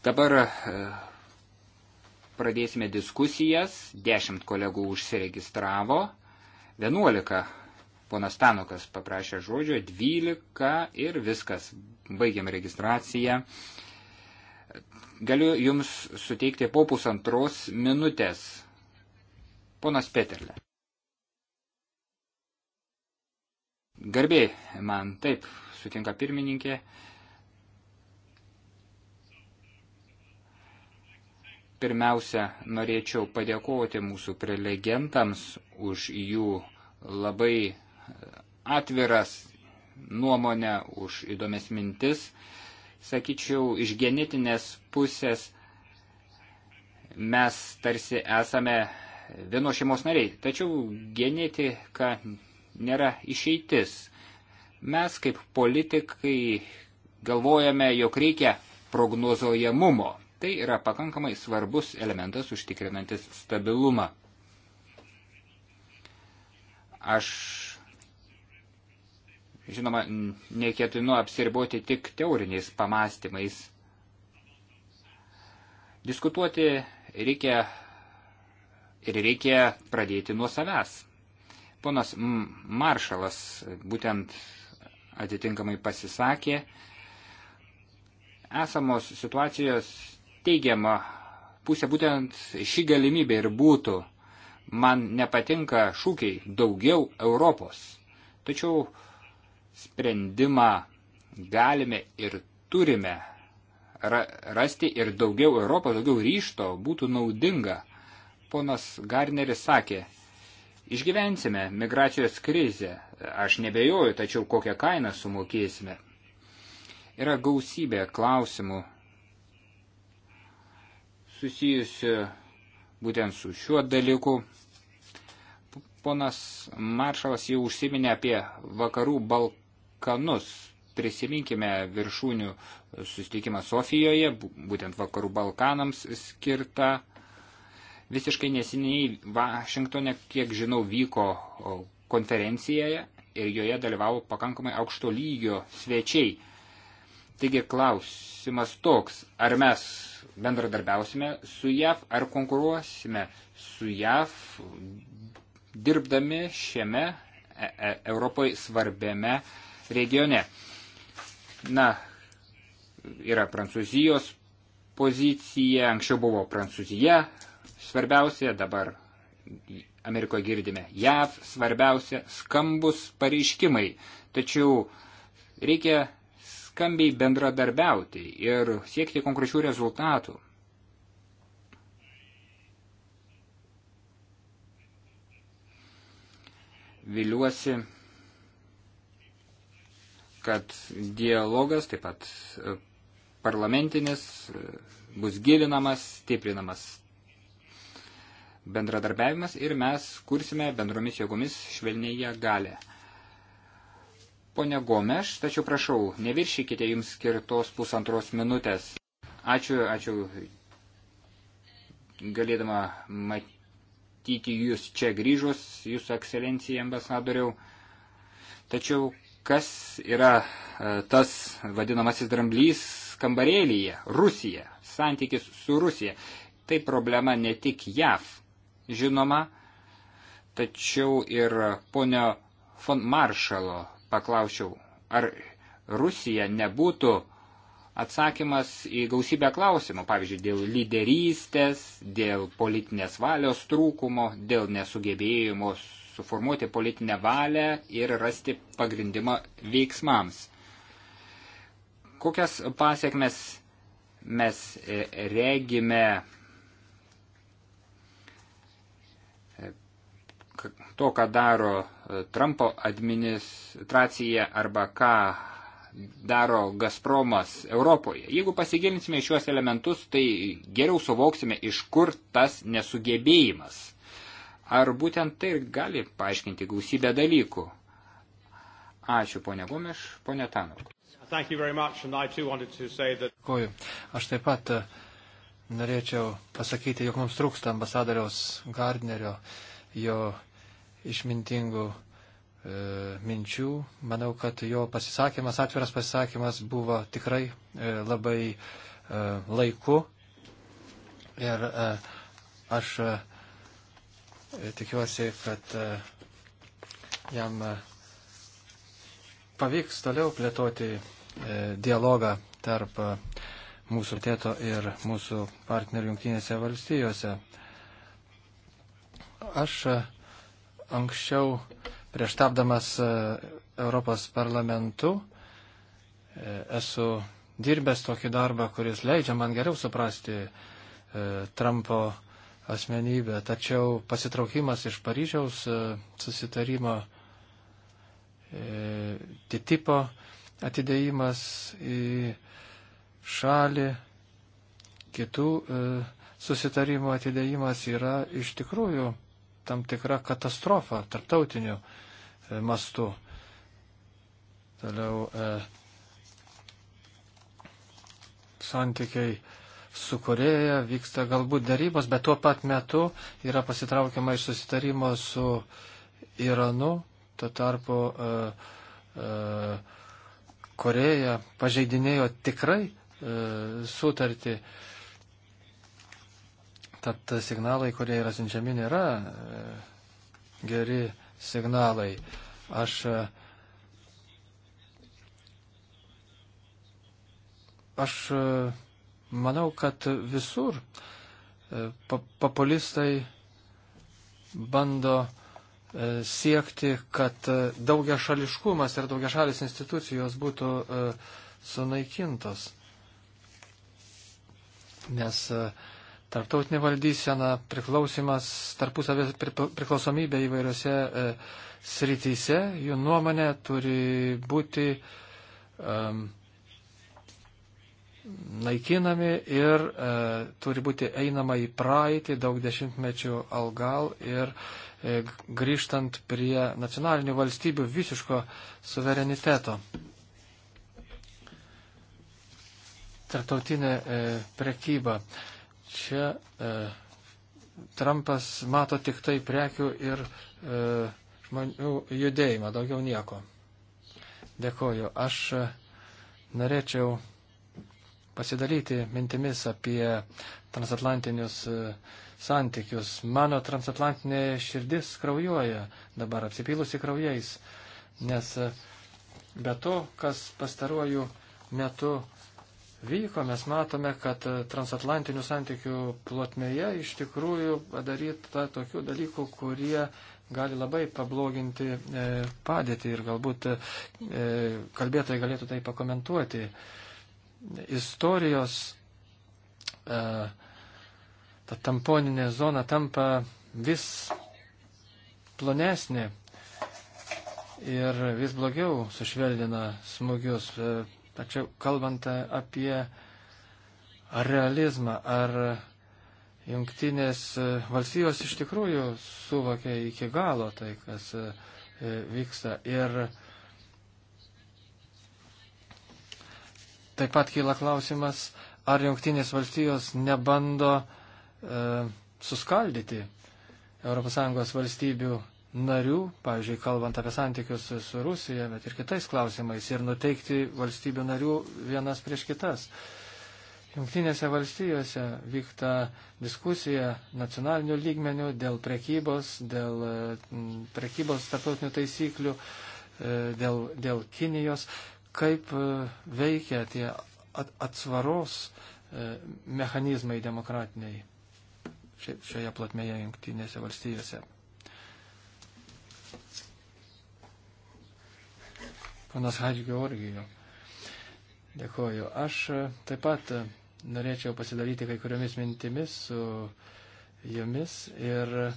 Dabar e, pradėsime diskusijas. Dešimt kolegų užsiregistravo. Vienuolika ponas Tanukas paprašė žodžio, dvylika ir viskas. Baigiam registraciją galiu jums suteikti po pusantros minutės. Ponas Peterle. Garbiai, man taip sutinka pirmininkė. Pirmiausia, norėčiau padėkoti mūsų prelegentams už jų labai atviras nuomonę, už įdomias mintis. Sakyčiau, iš genetinės pusės mes tarsi esame vienos šeimos nariai. Tačiau genetika nėra išeitis. Mes kaip politikai galvojame, jog reikia prognozuojamumo. Tai yra pakankamai svarbus elementas užtikrinantis stabilumą. Aš, žinoma, neketinu apsiriboti tik teoriniais pamastymais. Diskutuoti reikia ir reikia pradėti nuo savęs. Ponas Maršalas būtent atitinkamai pasisakė, esamos situacijos teigiama pusė būtent ši galimybė ir būtų. Man nepatinka šūkiai daugiau Europos. Tačiau sprendimą galime ir turime rasti ir daugiau Europos, daugiau ryšto būtų naudinga ponas Garneris sakė, išgyvensime migracijos krizę, aš nebejoju, tačiau kokią kainą sumokėsime. Yra gausybė klausimų susijusių būtent su šiuo dalyku. Ponas Maršalas jau užsiminė apie vakarų Balkanus. Prisiminkime viršūnių susitikimą Sofijoje, būtent vakarų Balkanams skirtą Visiškai nesiniai Vašingtone, kiek žinau, vyko konferencijoje ir joje dalyvavo pakankamai aukšto lygio svečiai. Taigi klausimas toks, ar mes bendradarbiausime su JAV, ar konkuruosime su JAV, dirbdami šiame e e Europoje svarbiame regione. Na, yra Prancūzijos pozicija, anksčiau buvo Prancūzija, svarbiausia, dabar Amerikoje girdime JAV, svarbiausia skambus pareiškimai. Tačiau reikia skambiai bendradarbiauti ir siekti konkrečių rezultatų. Viliuosi, kad dialogas taip pat e, parlamentinis e, bus gilinamas, stiprinamas bendradarbiavimas ir mes kursime bendromis jėgomis švelnėje galę. Pone Gomeš, tačiau prašau, neviršykite jums skirtos pusantros minutės. Ačiū, ačiū, galėdama matyti jūs čia grįžus, jūsų ekscelencija ambasadoriau. Tačiau kas yra e, tas vadinamasis dramblys kambarėlyje? Rusija, santykis su Rusija. Tai problema ne tik JAV žinoma, tačiau ir ponio von Maršalo paklausiau, ar Rusija nebūtų atsakymas į gausybę klausimų, pavyzdžiui, dėl lyderystės, dėl politinės valios trūkumo, dėl nesugebėjimo suformuoti politinę valią ir rasti pagrindimą veiksmams. Kokias pasiekmes mes e, regime to, ką daro e, Trumpo administracija arba ką daro Gazpromas Europoje. Jeigu pasigilinsime šiuos elementus, tai geriau suvoksime, iš kur tas nesugebėjimas. Ar būtent tai gali paaiškinti gausybę dalykų? Ačiū, ponia Gumiš, ponia Tanok. Dėkuoju. Aš taip pat e, norėčiau pasakyti, jog mums trūksta ambasadoriaus Gardnerio, jo išmintingų e, minčių. Manau, kad jo pasisakymas, atviras pasisakymas buvo tikrai e, labai e, laiku. Ir aš tikiuosi, kad jam pavyks toliau plėtoti dialogą tarp mūsų tėto ir mūsų partnerių jungtinėse valstijose. Aš anksčiau prieš tapdamas e, Europos parlamentu e, esu dirbęs tokį darbą, kuris leidžia man geriau suprasti e, Trumpo asmenybę. Tačiau pasitraukimas iš Paryžiaus susitarimo titipo atidėjimas į šalį, kitų susitarimų atidėjimas yra iš tikrųjų tam tikra katastrofa tarptautiniu e, mastu. Toliau e, santykiai su Koreja vyksta galbūt darybos, bet tuo pat metu yra pasitraukiama iš susitarimo su Iranu. Tuo tarpu e, e, Koreja pažeidinėjo tikrai e, sutartį. E, Tad signalai, kurie yra siunčiami, nėra e, geri signalai. Aš, e, aš e, manau, kad visur populistai bando siekti, kad daugia šališkumas ir daugia šalis institucijos būtų sunaikintos. Nes uh, tarptautinė valdysena, priklausimas, tarpusavės priklausomybė įvairiose e, srityse, jų nuomonė turi būti um, naikinami ir e, turi būti einama į praeitį daug dešimtmečių algal ir e, grįžtant prie nacionalinių valstybių visiško suvereniteto. Tartautinė e, prekyba. E, čia e, Trumpas mato tik tai prekių ir e, žmonių judėjimą, daugiau nieko. Dėkoju. Aš e, norėčiau pasidalyti mintimis apie transatlantinius e, santykius. Mano transatlantinė širdis kraujuoja, dabar apsipylusi kraujais, nes e, be to, kas pastaruoju metu vyko, mes matome, kad e, transatlantinių santykių plotmėje iš tikrųjų padaryta tokių dalykų, kurie gali labai pabloginti e, padėtį ir galbūt e, kalbėtojai galėtų tai pakomentuoti. Istorijos e, ta tamponinė zona tampa vis plonesnė ir vis blogiau sušvelnina smūgius. E, Tačiau kalbant apie realizmą, ar jungtinės valstijos iš tikrųjų suvokia iki galo tai, kas e, vyksta. Ir taip pat kyla klausimas, ar jungtinės valstijos nebando e, suskaldyti ES valstybių narių, pavyzdžiui, kalbant apie santykius su Rusija, bet ir kitais klausimais, ir nuteikti valstybių narių vienas prieš kitas. Junktinėse valstijose vyksta diskusija nacionalinių lygmenių dėl prekybos, dėl prekybos statutinių taisyklių, e, dėl, dėl Kinijos, kaip e, veikia tie atsvaros e, mechanizmai demokratiniai šioje platmėje Junktinėse valstijose. panas Hadži Georgijų. Dėkoju. Aš e, taip pat e, norėčiau pasidalyti kai kuriomis mintimis su jomis ir e,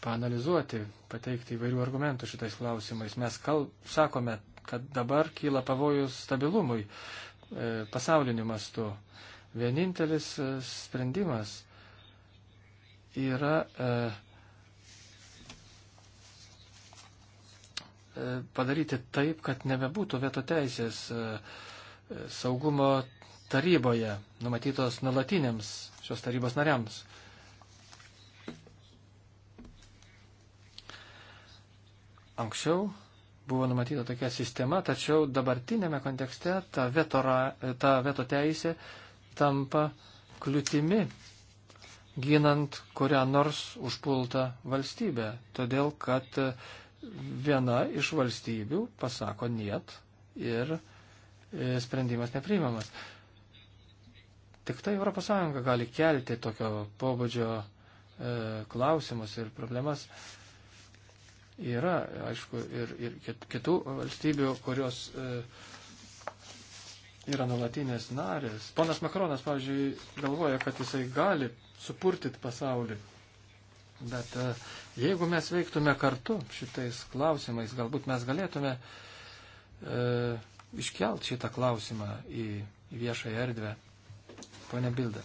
paanalizuoti, pateikti įvairių argumentų šitais klausimais. Mes kal, sakome, kad dabar kyla pavojus stabilumui e, pasauliniu mastu. Vienintelis sprendimas yra e, E, padaryti taip, kad nebebūtų veto teisės e, e, saugumo taryboje numatytos nulatiniams šios tarybos nariams. Anksčiau buvo numatyta tokia sistema, tačiau dabartinėme kontekste ta veto, ta veto teisė tampa kliūtimi ginant kurią nors užpultą valstybę, todėl kad viena iš valstybių pasako niet ir e, sprendimas nepriimamas. Tik tai ES gali kelti tokio pobūdžio e, klausimus ir problemas. Yra, aišku, ir, ir kitų valstybių, kurios e, yra nuolatinės narės. Ponas Makronas, pavyzdžiui, galvoja, kad jisai gali supurtit pasaulį Bet e, jeigu mes veiktume kartu šitais klausimais, galbūt mes galėtume e, iškelt šitą klausimą į viešąją erdvę. Pone Bilda.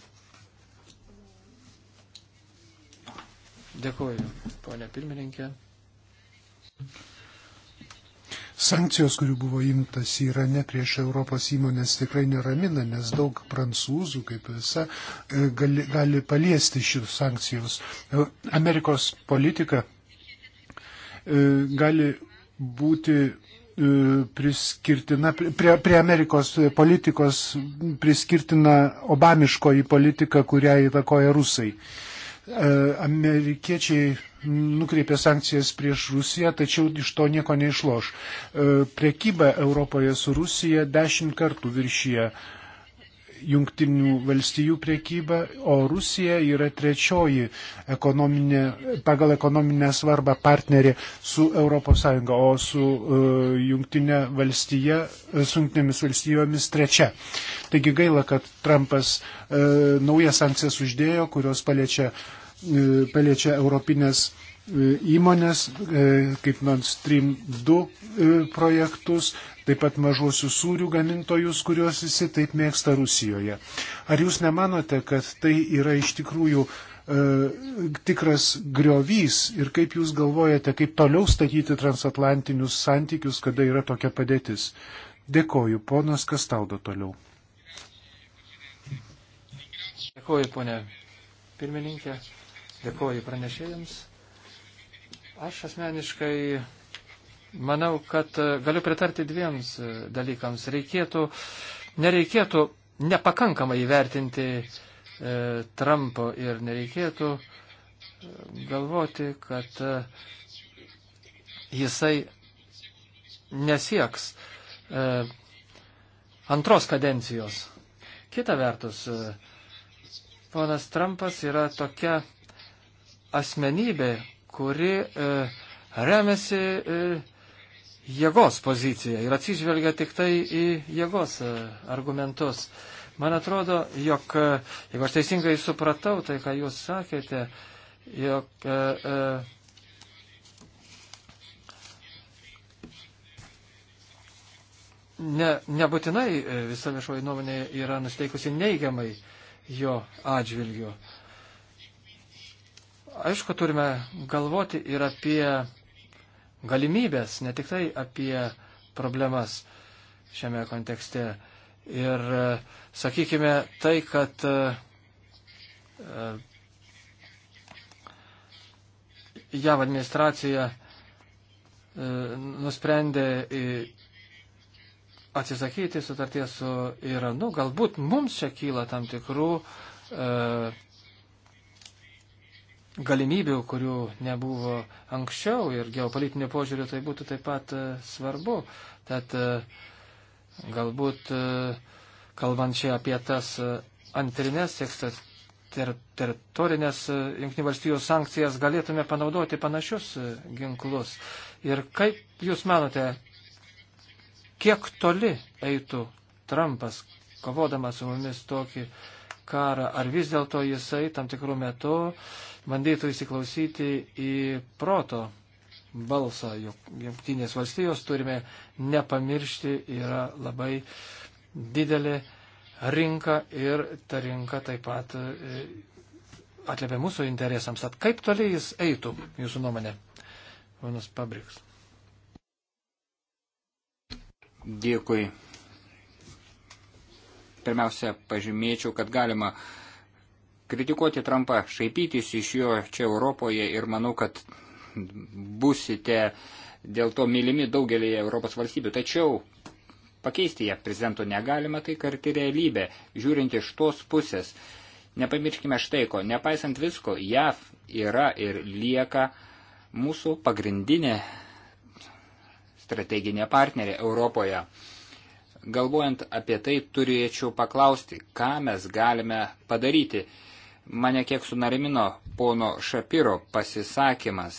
Dėkuoju, ponė pirmininkė. Sankcijos, kurių buvo imtas Irane prieš Europos įmonės tikrai neramina, nes daug prancūzų, kaip visa, e, gali, gali paliesti šių sankcijos. E, Amerikos politika e, gali būti priskirtina, prie, prie Amerikos politikos priskirtina obamiškoji politika, kurią įtakoja rusai. Amerikiečiai nukreipė sankcijas prieš Rusiją, tačiau iš to nieko neišloš. E, prekyba Europoje su Rusija dešimt kartų viršyje jungtinių valstijų priekybą, o Rusija yra trečioji ekonominė, pagal ekonominę svarbą partnerė su ES, o su uh, jungtinė valstija, e, su jungtinėmis valstijomis trečia. Taigi gaila, kad Trumpas uh, naujas sankcijas uždėjo, kurios paliečia uh, E, paliečia europinės e, įmonės, e, kaip Nordstream 2 projektus, taip pat mažuosius sūrių gamintojus, kuriuos visi taip mėgsta Rusijoje. Ar jūs nemanote, kad tai yra iš tikrųjų tikras griovys ir kaip jūs galvojate, kaip toliau statyti transatlantinius santykius, kada yra tokia padėtis? Dėkoju, ponas Kastaudo toliau. Dėkoju, ponė pirmininkė. Dėkoju pranešėjams. Aš asmeniškai manau, kad e, galiu pritarti dviems e, dalykams. Reikėtų, nereikėtų nepakankamai įvertinti e, Trumpo ir nereikėtų e, galvoti, kad e, jisai nesieks e, antros kadencijos. Kita vertus, e, ponas Trumpas yra tokia asmenybė, kuri e, remiasi e, jėgos poziciją ir atsižvelgia tik tai į jėgos e, argumentus. Man atrodo, jog, e, jeigu aš teisingai supratau tai, ką jūs sakėte, jog. E, e, Ne, nebūtinai e, visa viešoji nuomonė yra nusteikusi neigiamai jo atžvilgiu. E, aišku, turime galvoti ir apie galimybės, ne tik tai apie problemas šiame kontekste. Ir e, sakykime tai, kad e, e, JAV administracija nusprendė atsisakyti sutarties su Iranu, galbūt mums čia kyla tam tikrų uh, galimybių, kurių nebuvo anksčiau ir geopolitinio požiūrio tai būtų taip pat e, svarbu. Tad e, galbūt e, kalbant čia apie tas antrinės ter, teritorinės Junktinių valstybių sankcijas, galėtume panaudoti panašius ginklus. Ir kaip Jūs manote, kiek toli eitų Trumpas, kovodamas su mumis tokį karą, ar vis dėlto jisai tam tikrų metų bandytų įsiklausyti į proto balsą, juk jungtinės valstijos turime nepamiršti, yra labai didelė rinka ir ta rinka taip pat e, atliepia mūsų interesams. Tad kaip toliai jis eitų, jūsų nuomonė, Vanas Pabriks? Dėkui pirmiausia pažymėčiau, kad galima kritikuoti Trumpą, šaipytis iš jo čia Europoje ir manau, kad busite dėl to mylimi daugelį Europos valstybių. Tačiau pakeisti ją prezidento negalima, tai karti realybė, žiūrint iš tos pusės. Nepamirškime štai ko, nepaisant visko, JAV yra ir lieka mūsų pagrindinė strateginė partnerė Europoje. Galvojant apie tai, turėčiau paklausti, ką mes galime padaryti. Mane kiek sunarimino pono Šapiro pasisakymas,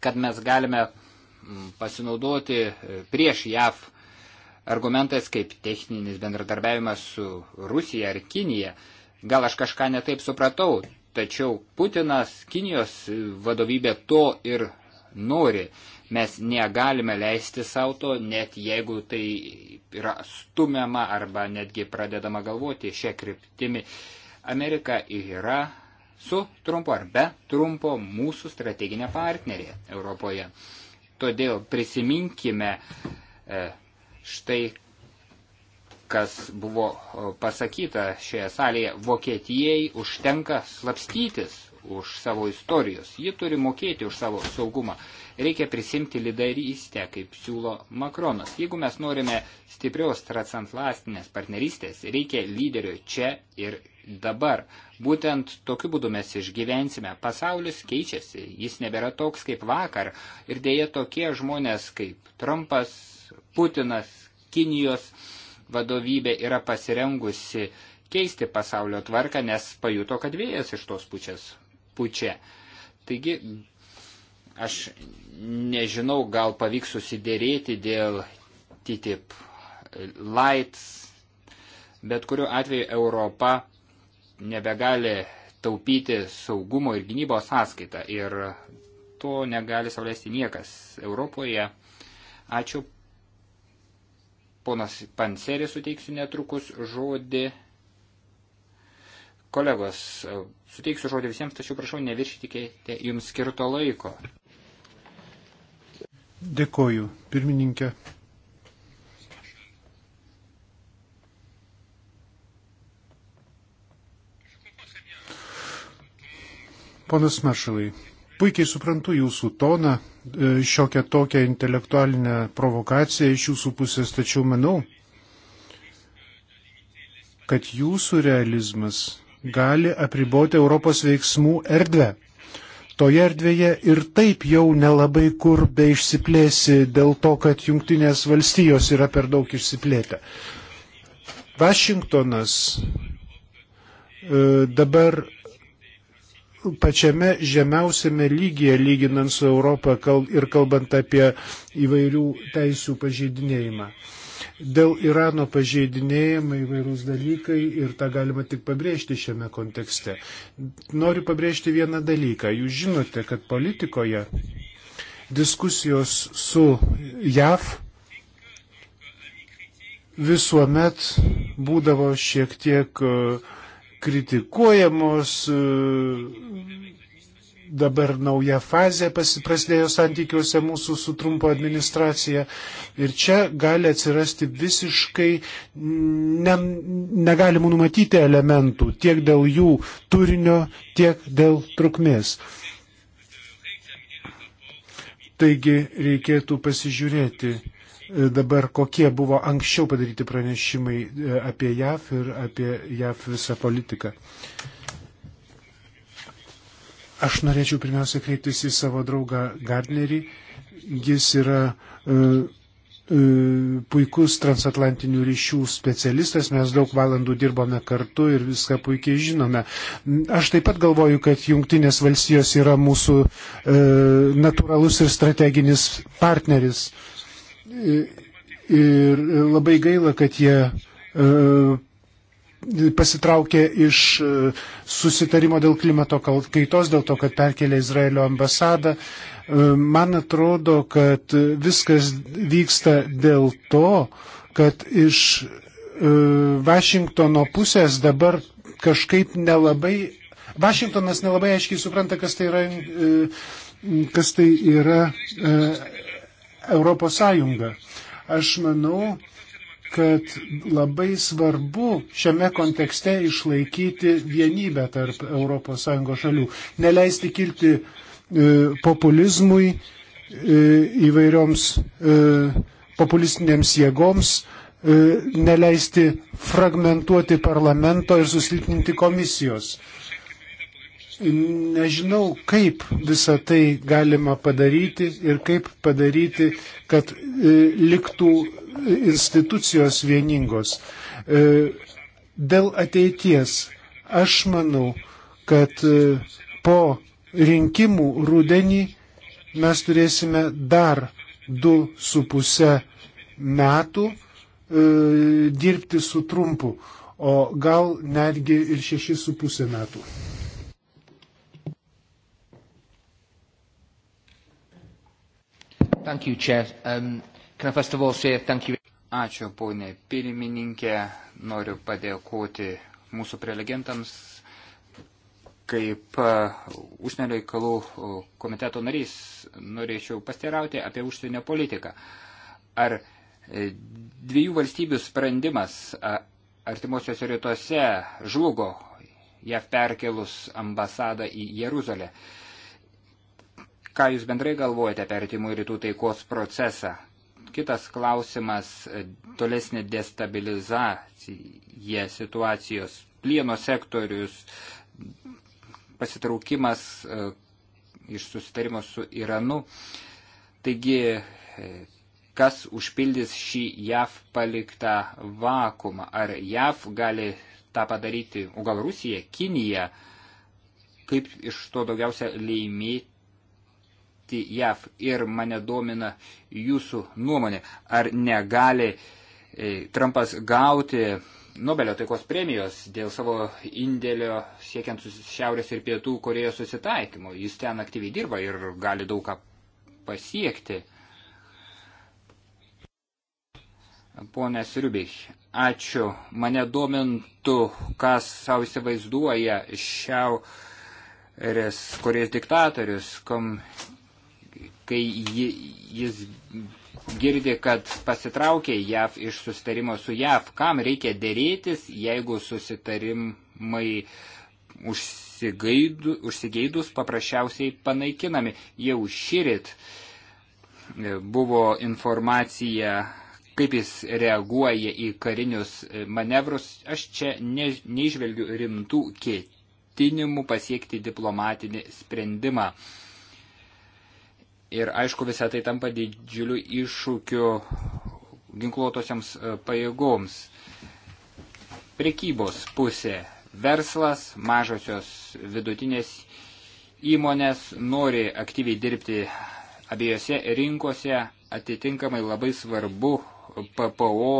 kad mes galime mm, pasinaudoti e, prieš JAV argumentas kaip techninis bendradarbiavimas su Rusija ar Kinija. Gal aš kažką netaip supratau, tačiau Putinas, Kinijos e, vadovybė to ir nori. Mes negalime leisti savo to, net jeigu tai yra stumiama arba netgi pradedama galvoti šią kryptimį. Amerika yra su trumpo ar be trumpo mūsų strateginė partnerė Europoje. Todėl prisiminkime e, štai, kas buvo e, pasakyta šioje salėje, Vokietijai užtenka slapstytis už savo istorijos, ji turi mokėti už savo saugumą. Reikia prisimti lyderystę, kaip siūlo Makronas. Jeigu mes norime stiprios transatlantinės partnerystės, reikia lyderio čia ir dabar. Būtent tokiu būdu mes išgyvensime. Pasaulis keičiasi, jis nebėra toks kaip vakar. Ir dėja tokie žmonės kaip Trumpas, Putinas, Kinijos vadovybė yra pasirengusi keisti pasaulio tvarką, nes pajuto, kad vėjas iš tos pučias pučia. Taigi, aš nežinau, gal pavyks susidėrėti dėl TTIP lights, bet kuriuo atveju Europa nebegali taupyti saugumo ir gynybos sąskaitą ir to negali sauliaisti niekas Europoje. Ačiū. Ponas Panserį suteiksiu netrukus žodį. Kolegos, e, suteiksiu žodį visiems, tačiau prašau neviršykite jums skirto laiko. Dėkoju, pirmininkė. Ponas Maršalai, puikiai suprantu jūsų toną, e, šiokią tokią intelektualinę provokaciją iš jūsų pusės, tačiau manau, kad jūsų realizmas gali apriboti Europos veiksmų erdvę. Toje erdvėje ir taip jau nelabai kur be išsiplėsi dėl to, kad jungtinės valstijos yra per daug išsiplėtę. Vašingtonas e, dabar pačiame žemiausiame lygyje, lyginant su Europą kal ir kalbant apie įvairių teisų pažeidinėjimą dėl Irano pažeidinėjama įvairūs dalykai ir tą galima tik pabrėžti šiame kontekste. Noriu pabrėžti vieną dalyką. Jūs žinote, kad politikoje diskusijos su JAV visuomet būdavo šiek tiek e, kritikuojamos e, dabar nauja fazė prasidėjo santykiuose mūsų su Trumpo administracija ir čia gali atsirasti visiškai ne, negalimų numatyti elementų tiek dėl jų turinio, tiek dėl trukmės. Taigi reikėtų pasižiūrėti e, dabar, kokie buvo anksčiau padaryti pranešimai e, apie JAF ir apie JAF visą politiką. Uh, Aš norėčiau pirmiausia kreiptis į savo draugą Gardnerį. Jis yra uh, puikus transatlantinių ryšių specialistas, mes daug valandų dirbome kartu ir viską puikiai žinome. Aš taip pat galvoju, kad Junktinės valstijos yra mūsų e, natūralus ir strateginis partneris. E, ir labai gaila, kad jie e, pasitraukė iš e, susitarimo dėl klimato kaitos, dėl to, kad perkelė Izraelio ambasadą. E, man atrodo, kad viskas vyksta dėl to, kad iš e, Vašingtono pusės dabar kažkaip nelabai. Vašingtonas nelabai aiškiai supranta, kas tai yra, kas tai yra Europos Sąjunga. Aš manau, kad labai svarbu šiame kontekste išlaikyti vienybę tarp ES šalių, neleisti kilti e, populizmui, e, įvairioms e, populistinėms jėgoms, e, neleisti fragmentuoti parlamento ir susilpninti komisijos. Nežinau, kaip visą tai galima padaryti ir kaip padaryti, kad e, liktų institucijos vieningos. E, dėl ateities aš manau, kad e, po rinkimų rudenį mes turėsime dar 2,5 metų e, dirbti su trumpu, o gal netgi ir 6,5 metų. Thank you, Chair. Um, Can I first of all say thank you? Ačiū, ponė pirmininkė. Noriu padėkoti mūsų prelegentams. Kaip e, užsienio reikalų e, komiteto narys norėčiau pasteirauti apie užsienio politiką. Ar e, dviejų valstybių sprendimas artimuosiuose rytuose žlugo, jav perkelus ambasadą į Jeruzalę? Ką Jūs bendrai galvojate apie artimų rytų taikos procesą? Kitas klausimas - tolesnė destabilizacija situacijos. Plieno sektorius, pasitraukimas e, iš susitarimo su Iranu. Taigi, e, kas užpildys šį JAV paliktą vakumą? Ar JAV gali tą padaryti, o gal Rusija, Kinija? Kaip iš to daugiausia laimėti? padėtį JAV ir mane domina jūsų nuomonė. Ar negali e, Trumpas gauti Nobelio taikos premijos dėl savo indėlio siekiant Šiaurės ir Pietų Korejos susitaikymo? Jis ten aktyviai dirba ir gali daug ką pasiekti. Pone Sriubiš, ačiū. Mane domintų, kas savo įsivaizduoja šiaurės korės diktatorius, kom kai ji, jis girdi, kad pasitraukė JAV iš susitarimo su JAV, kam reikia dėrėtis, jeigu susitarimai užsigaidu, užsigeidus paprasčiausiai panaikinami. Jau širit e, buvo informacija, kaip jis reaguoja į karinius e, manevrus. Aš čia ne, neižvelgiu rimtų ketinimų pasiekti diplomatinį sprendimą. Ir aišku, visą tai tampa didžiuliu iššūkiu ginkluotosiams e, pajėgoms. Prekybos pusė - verslas, mažosios vidutinės įmonės nori aktyviai dirbti abiejose rinkose, atitinkamai labai svarbu PPO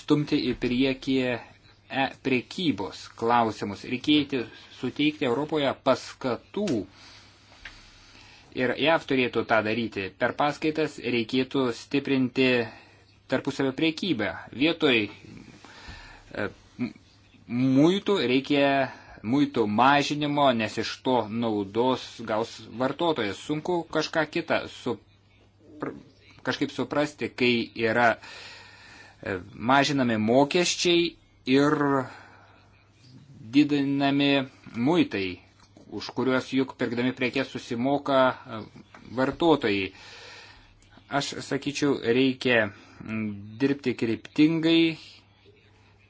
stumti į priekį e prekybos klausimus. Reikėti suteikti Europoje paskatų ir JAV turėtų tą daryti. Per paskaitas reikėtų stiprinti tarpusavio priekybę. Vietoj e, muitų reikia muitų mažinimo, nes iš to naudos gaus vartotojas. Sunku kažką kitą su, kažkaip suprasti, kai yra e, mažinami mokesčiai ir didinami muitai už kuriuos juk pirkdami prekes susimoka e, vartotojai. Aš sakyčiau, reikia dirbti kryptingai.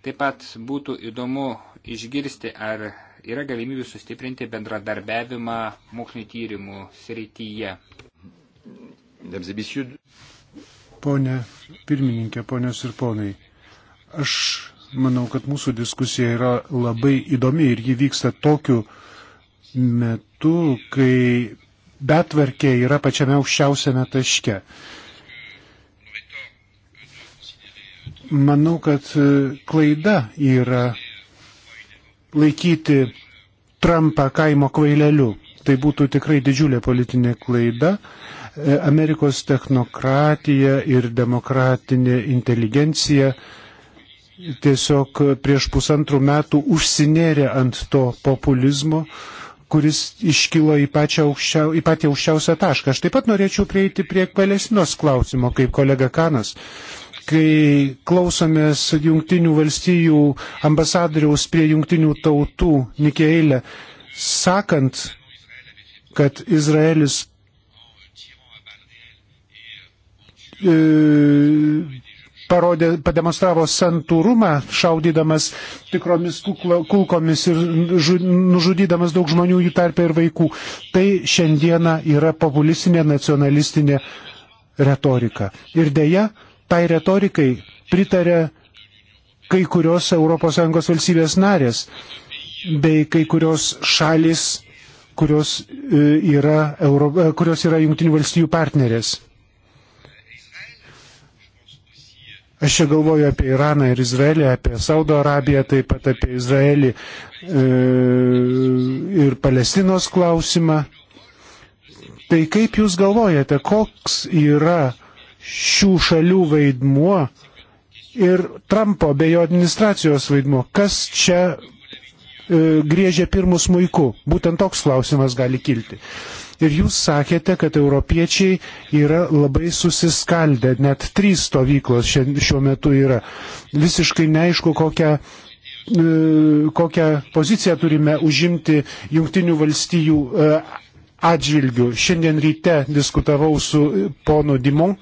Taip pat būtų įdomu išgirsti, ar yra galimybių sustiprinti bendradarbiavimą mokslinio tyrimų srityje. Pone pirmininkė, ponios ir ponai, aš manau, kad mūsų diskusija yra labai įdomi ir ji vyksta tokiu uh, metu, kai betvarkė yra pačiame aukščiausiame taške. Manau, kad e, klaida yra laikyti Trumpą kaimo kvaileliu. Tai būtų tikrai didžiulė politinė klaida. E, Amerikos technokratija ir demokratinė inteligencija tiesiog prieš pusantrų metų užsinėrė ant to populizmo, kuris iškilo į, aukščiau, į patį aukščiausią tašką. Aš taip pat norėčiau prieiti prie Palestinos klausimo, kaip kolega Kanas. Kai klausomės jungtinių valstijų ambasadoriaus prie jungtinių tautų Nikeilę, sakant, kad Izraelis e, parodė, pademonstravo santūrumą, šaudydamas tikromis kuklo, kulkomis ir žu, nužudydamas daug žmonių jų tarpę ir vaikų. Tai šiandieną yra populistinė nacionalistinė retorika. Ir dėja, tai retorikai pritarė kai kurios ES valstybės narės bei kai kurios šalis, kurios e, yra, Euro, e, kurios yra Junktinių valstybių partnerės. Aš čia galvoju apie Iraną ir Izraelį, apie Saudo Arabiją, taip pat apie Izraelį e, ir Palestinos klausimą. Tai kaip Jūs galvojate, koks yra šių šalių vaidmuo ir Trumpo bei jo administracijos vaidmuo? Kas čia e, griežia pirmus muiku? Būtent toks klausimas gali kilti. E, Ir jūs sakėte, kad europiečiai yra labai susiskaldę, net trys stovyklos šiuo metu yra. Visiškai neaišku, kokią e, kokią poziciją turime užimti jungtinių valstijų e, atžvilgių. Šiandien ryte diskutavau su ponu Dimon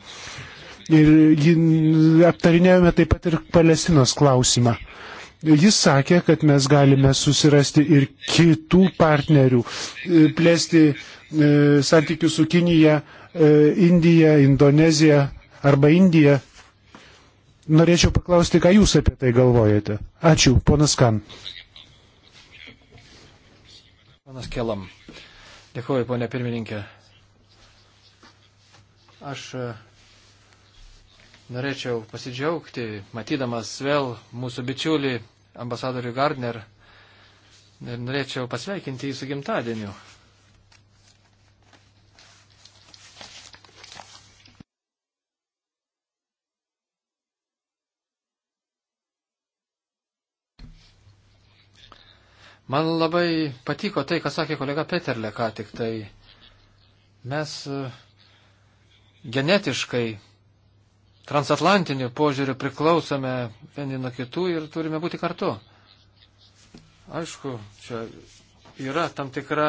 ir aptarinėjome taip pat ir Palestinos klausimą. Jis sakė, kad mes galime susirasti ir kitų partnerių, e, plėsti E, santykių su Kinija, e, Indija, Indonezija arba Indija. Norėčiau paklausti, ką Jūs apie tai galvojate. Ačiū, ponas Kan. Ponas Kelam. Dėkuoju, ponė pirmininkė. Aš e, norėčiau pasidžiaugti, matydamas vėl mūsų bičiulį ambasadorių Gardner. Ir norėčiau pasveikinti jį su gimtadieniu. Man labai patiko tai, ką sakė kolega Peterle ką tik tai. Mes e, genetiškai transatlantiniu požiūriu priklausome vieni nuo kitų ir turime būti kartu. Aišku, čia yra tam tikra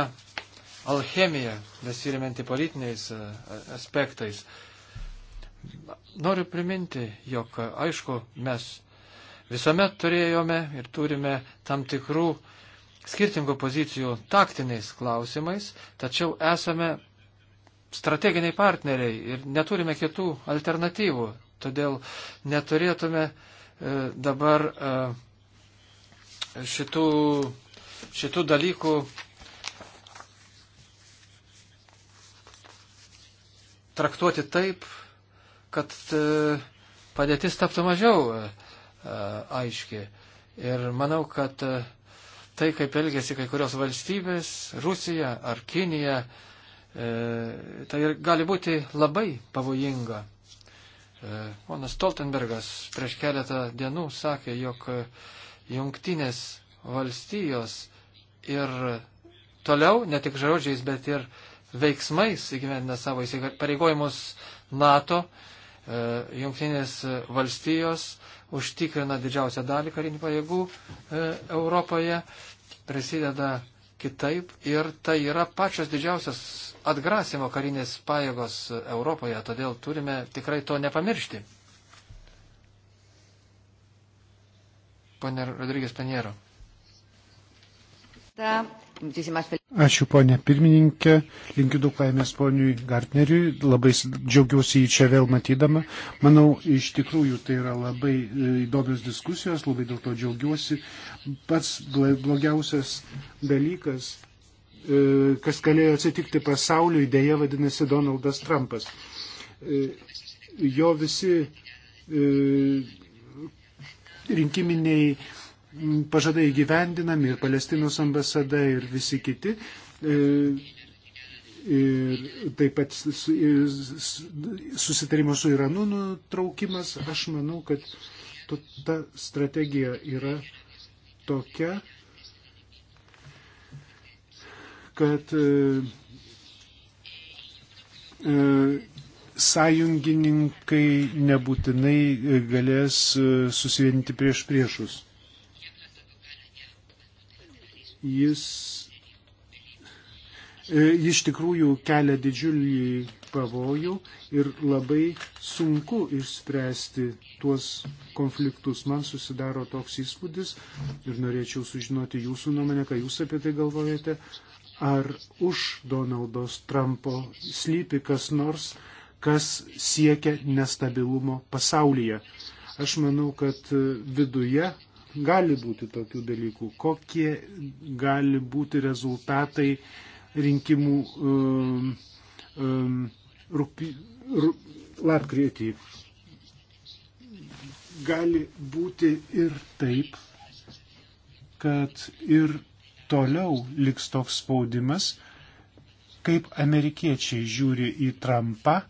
alchemija, besiriminti politiniais e, aspektais. Noriu priminti, jog, aišku, mes visuomet turėjome ir turime tam tikrų skirtingų pozicijų taktiniais klausimais, tačiau esame strateginiai partneriai ir neturime kitų alternatyvų. Todėl neturėtume e, dabar e, šitų, šitų dalykų traktuoti taip, kad e, padėtis taptų mažiau e, e aiški. Ir manau, kad e, tai, kaip elgesi kai kurios valstybės, Rusija ar Kinija, e, tai gali būti labai pavojinga. E, Ponas Stoltenbergas prieš keletą dienų sakė, jog jungtinės valstijos ir toliau, ne tik žodžiais, bet ir veiksmais įgyvendina savo įsipareigojimus NATO, e, E, Junktinės valstijos užtikrina didžiausią dalį karinių pajėgų e, Europoje, prisideda kitaip ir tai yra pačios didžiausios atgrasimo karinės pajėgos Europoje, todėl turime tikrai to nepamiršti. Pane Rodrygės Paniero. Da, Ačiū, ponė pirmininkė. Linkiu daug laimės poniui Gartneriui. Labai džiaugiausi jį čia vėl matydama. Manau, iš tikrųjų tai yra labai e, įdomios diskusijos, labai dėl to džiaugiuosi. Pats blogiausias dalykas, e, kas galėjo atsitikti pasauliui, dėja vadinasi Donaldas Trumpas. E, jo visi rinkiminiai pažadai įgyvendinami ir Palestinos ambasada ir visi kiti. E, ir taip pat susitarimo su Iranu nutraukimas, aš manau, kad ta strategija yra tokia, kad e, e, sąjungininkai nebūtinai galės susivienyti prieš priešus. E, jis iš tikrųjų kelia didžiulį pavojų ir labai sunku išspręsti tuos konfliktus. Man susidaro toks įspūdis ir norėčiau sužinoti jūsų nuomonę, ką jūs apie tai galvojate. Ar už Donaldo Trumpo slypi kas nors, kas siekia nestabilumo pasaulyje? Aš manau, kad viduje gali būti tokių dalykų, kokie gali būti rezultatai rinkimų um, um, rūpi, rūp, lapkritį. Gali būti ir taip, kad ir toliau liks toks spaudimas, kaip amerikiečiai žiūri į Trumpą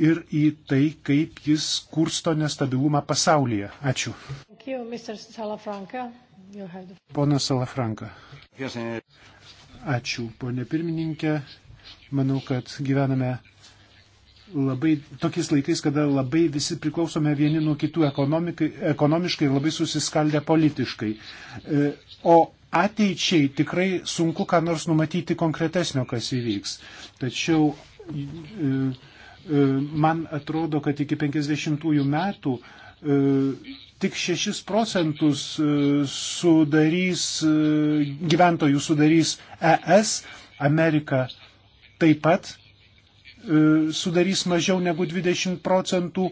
ir į tai, kaip jis kursto nestabilumą pasaulyje. Ačiū. Thank you, Mr. Salafranca. You have the... Pona Salafranca. Ačiū, ponė pirmininkė. Manau, kad gyvename labai tokiais laikais, kada labai visi priklausome vieni nuo kitų ekonomiškai ir labai susiskaldę politiškai. E, o ateičiai tikrai sunku ką nors numatyti konkretesnio, kas įvyks. Tačiau e, e, man atrodo, kad iki 50 metų E, tik 6 procentus e, sudarys, e, gyventojų sudarys ES, Amerika taip pat sudarys mažiau negu 20 procentų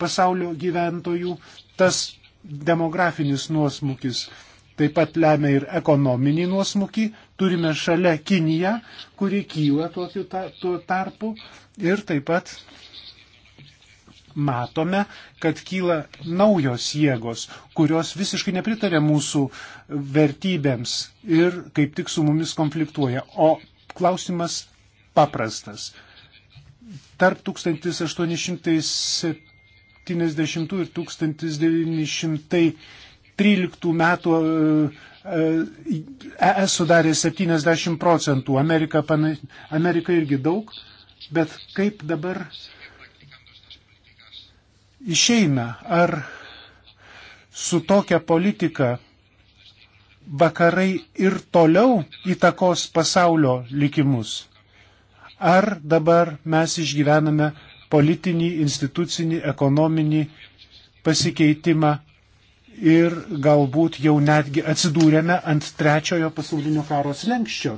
pasaulio gyventojų. Tas demografinis nuosmukis taip pat lemia ir ekonominį nuosmukį. Turime šalia Kiniją, kuri kyla tuo, tuo tarpu ir taip pat matome, kad kyla naujos jėgos, kurios visiškai nepritarė mūsų vertybėms ir kaip tik su mumis konfliktuoja. O klausimas paprastas. Tarp 1870 1970 ir 1913 metų ES e, e sudarė 70 procentų, Amerika, Amerika irgi daug, bet kaip dabar išeina, ar su tokia politika vakarai ir toliau įtakos pasaulio likimus. Ar dabar mes išgyvename politinį, institucinį, ekonominį pasikeitimą ir galbūt jau netgi atsidūrėme ant trečiojo pasaulinio karo slengščio.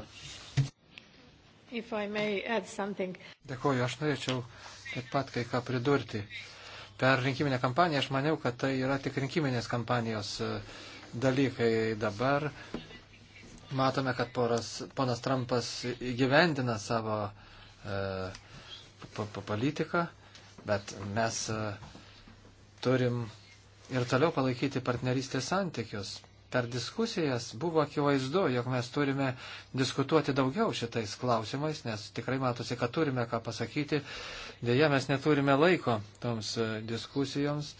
Dėkuoju, aš norėčiau taip pat kai ką pridurti per rinkiminę kampaniją aš maniau, kad tai yra tik rinkiminės kampanijos e, dalykai. Dabar matome, kad poras, ponas Trumpas įgyvendina savo e, politiką, bet mes e, turim ir toliau palaikyti partnerystės santykius per diskusijas buvo akivaizdu, jog mes turime diskutuoti daugiau šitais klausimais, nes tikrai matosi, kad turime ką pasakyti. Dėja, mes neturime laiko toms e, diskusijoms.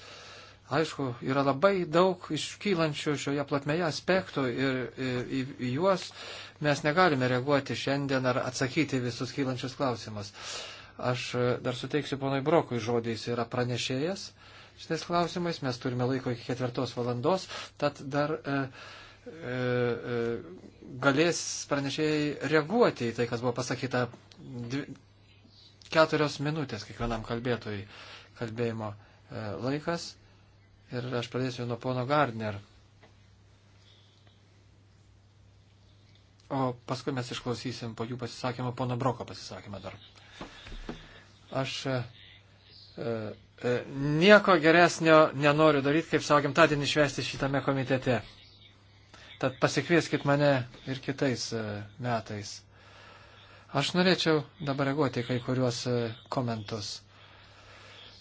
Aišku, yra labai daug iškylančių šioje platmeje aspektų ir e, į, į juos mes negalime reaguoti šiandien ar atsakyti visus kylančius klausimus. Aš e, dar suteiksiu ponui Brokui žodį, jis yra pranešėjas šitais klausimais. Mes turime laiko iki ketvirtos valandos, tad dar e, e, e, galės pranešėjai reaguoti į tai, kas buvo pasakyta dvi, keturios minutės kiekvienam kalbėtojui kalbėjimo e, laikas. Ir aš pradėsiu nuo pono Gardner. O paskui mes išklausysim po jų pasisakymą, pono Broko pasisakymą dar. Aš e, e E, nieko geresnio nenoriu daryti, kaip savo gimtadienį švesti šitame komitete. Tad pasikvieskit mane ir kitais e, metais. Aš norėčiau dabar reaguoti kai kuriuos e, komentus.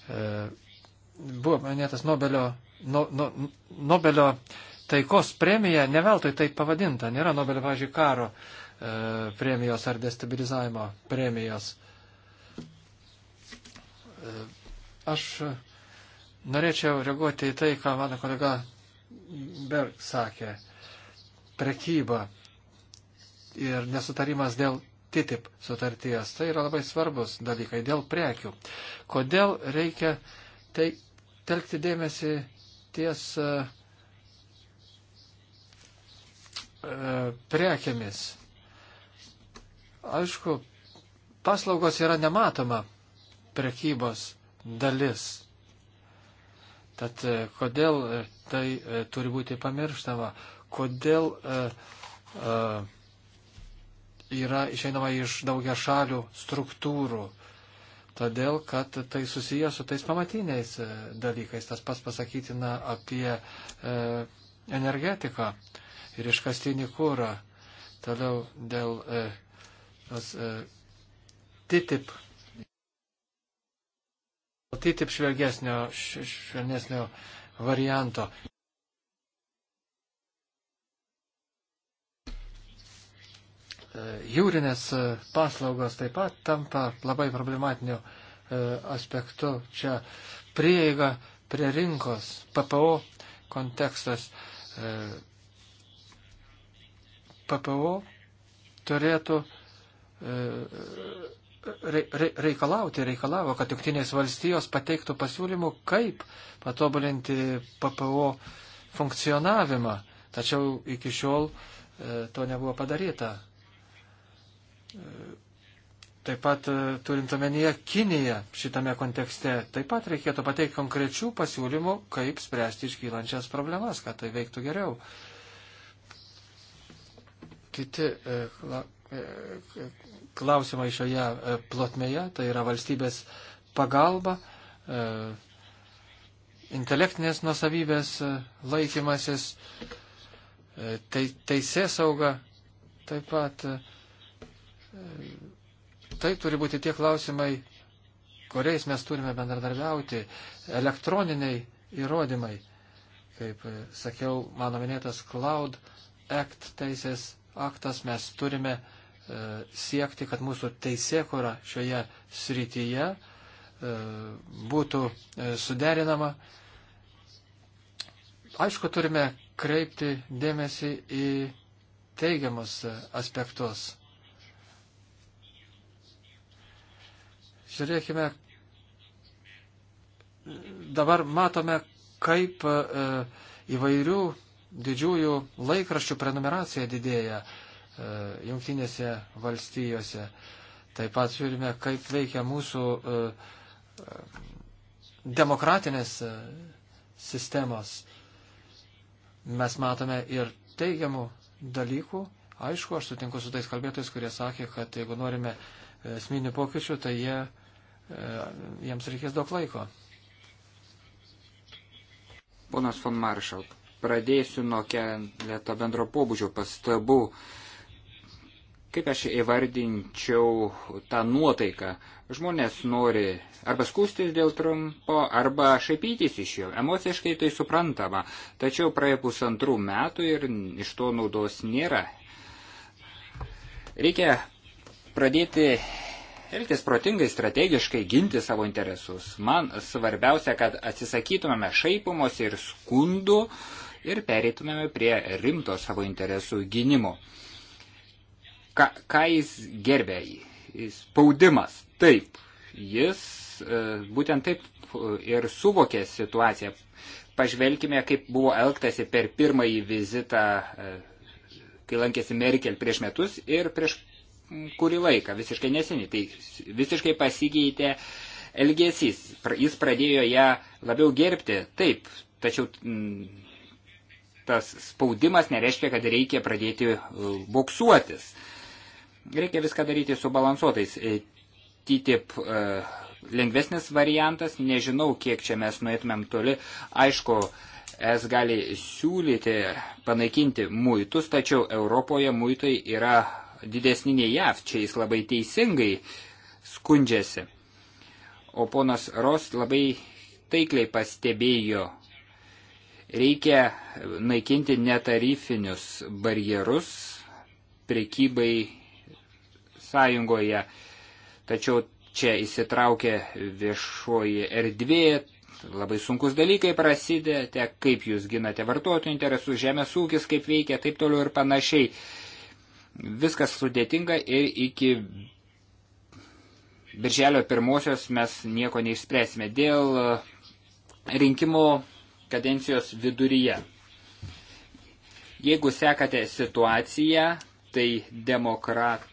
Buvo minėtas Nobelio, no, no, Nobelio taikos premija, ne veltui taip pavadinta, nėra Nobelio, pavyzdžiui, karo premijos ar destabilizavimo premijos Aš norėčiau reaguoti į tai, ką mano kolega Berg sakė. Prekyba ir nesutarimas dėl TTIP sutarties. Tai yra labai svarbus dalykai dėl prekių. Kodėl reikia tai telkti dėmesį ties uh, e, e, prekiamis. Aišku, paslaugos yra nematoma prekybos dalis. Tad e, kodėl e, tai e, turi būti pamirštama? Kodėl yra išeinama iš daugia šalių struktūrų? Todėl, kad tai susijęs su tais pamatiniais dalykais. Tas pats pasakytina apie energetiką ir iškastinį kūrą. Toliau dėl tas TTIP tai taip švelgesnio, švelnesnio varianto. E, jūrinės e, paslaugos taip pat tampa labai problematiniu e, aspektu. Čia prieiga prie rinkos, PPO kontekstas. PPO turėtų reikalauti, reikalavo, kad Junktinės valstijos pateiktų pasiūlymų, kaip patobulinti PPO funkcionavimą. Tačiau iki šiol e, to nebuvo padaryta. E, taip pat e, turint omenyje Kiniją šitame kontekste, taip pat reikėtų pateikti konkrečių pasiūlymų, kaip spręsti iškylančias problemas, kad tai veiktų geriau. Kiti klausimai šioje e, plotmėje, tai yra valstybės pagalba, e, intelektinės nusavybės e, laikymasis, teisė sauga, taip pat tai turi būti tie klausimai, kuriais mes turime bendradarbiauti, elektroniniai įrodymai, kaip sakiau, mano minėtas Cloud Act teisės aktas, mes turime uh, E, siekti, kad mūsų teisėkura šioje srityje e, būtų e, suderinama. Aišku, turime kreipti dėmesį į teigiamus aspektus. Žiūrėkime, dabar matome, kaip įvairių didžiųjų laikraščių prenumeracija didėja. E, jungtinėse valstijose. Taip pat žiūrime, kaip veikia mūsų e, demokratinės e, sistemos. Mes matome ir teigiamų dalykų. Aišku, aš sutinku su tais kalbėtojais, kurie sakė, kad jeigu norime esminių pokyčių, tai jie, jiems reikės daug laiko. Ponas von Maršal, pradėsiu nuo keleto bendro pobūdžio pastabų. Kaip aš įvardinčiau tą nuotaiką? Žmonės nori arba skūstis dėl Trumpo, arba šaipytis iš jo. Emociškai tai suprantama, tačiau praėjo pusantrų metų ir iš to naudos nėra. Reikia pradėti elgtis protingai, strategiškai, ginti savo interesus. Man svarbiausia, kad atsisakytumėme šaipumos ir skundų ir pereitumėme prie rimto savo interesų gynimo ką, ką jis gerbė, spaudimas, taip, jis e, būtent taip e, ir suvokė situaciją. Pažvelkime, kaip buvo elgtasi per pirmąjį vizitą, e, kai lankėsi Merkel prieš metus ir prieš kurį laiką, visiškai neseniai. Tai visiškai pasikeitė elgesys. Jis pradėjo ją labiau gerbti, taip, tačiau tas spaudimas nereiškia, kad reikia pradėti boksuotis. Uh, Reikia viską daryti subalansuotais. E, TTIP e, lengvesnis variantas, nežinau, kiek čia mes nuėtumėm toli. Aišku, es gali siūlyti panaikinti muitus, tačiau Europoje muitai yra didesni nei JAV, čia jis labai teisingai skundžiasi. O ponas Ros labai taikliai pastebėjo, reikia naikinti netarifinius barjerus prekybai Sąjungoje. Tačiau čia įsitraukė viešoji erdvė, labai sunkus dalykai prasidėte, kaip jūs ginate vartotojų interesus, žemės ūkis kaip veikia, taip toliau ir panašiai. Viskas sudėtinga ir iki birželio pirmosios mes nieko neišspręsime dėl rinkimo kadencijos viduryje. Jeigu sekate situaciją, tai demokrat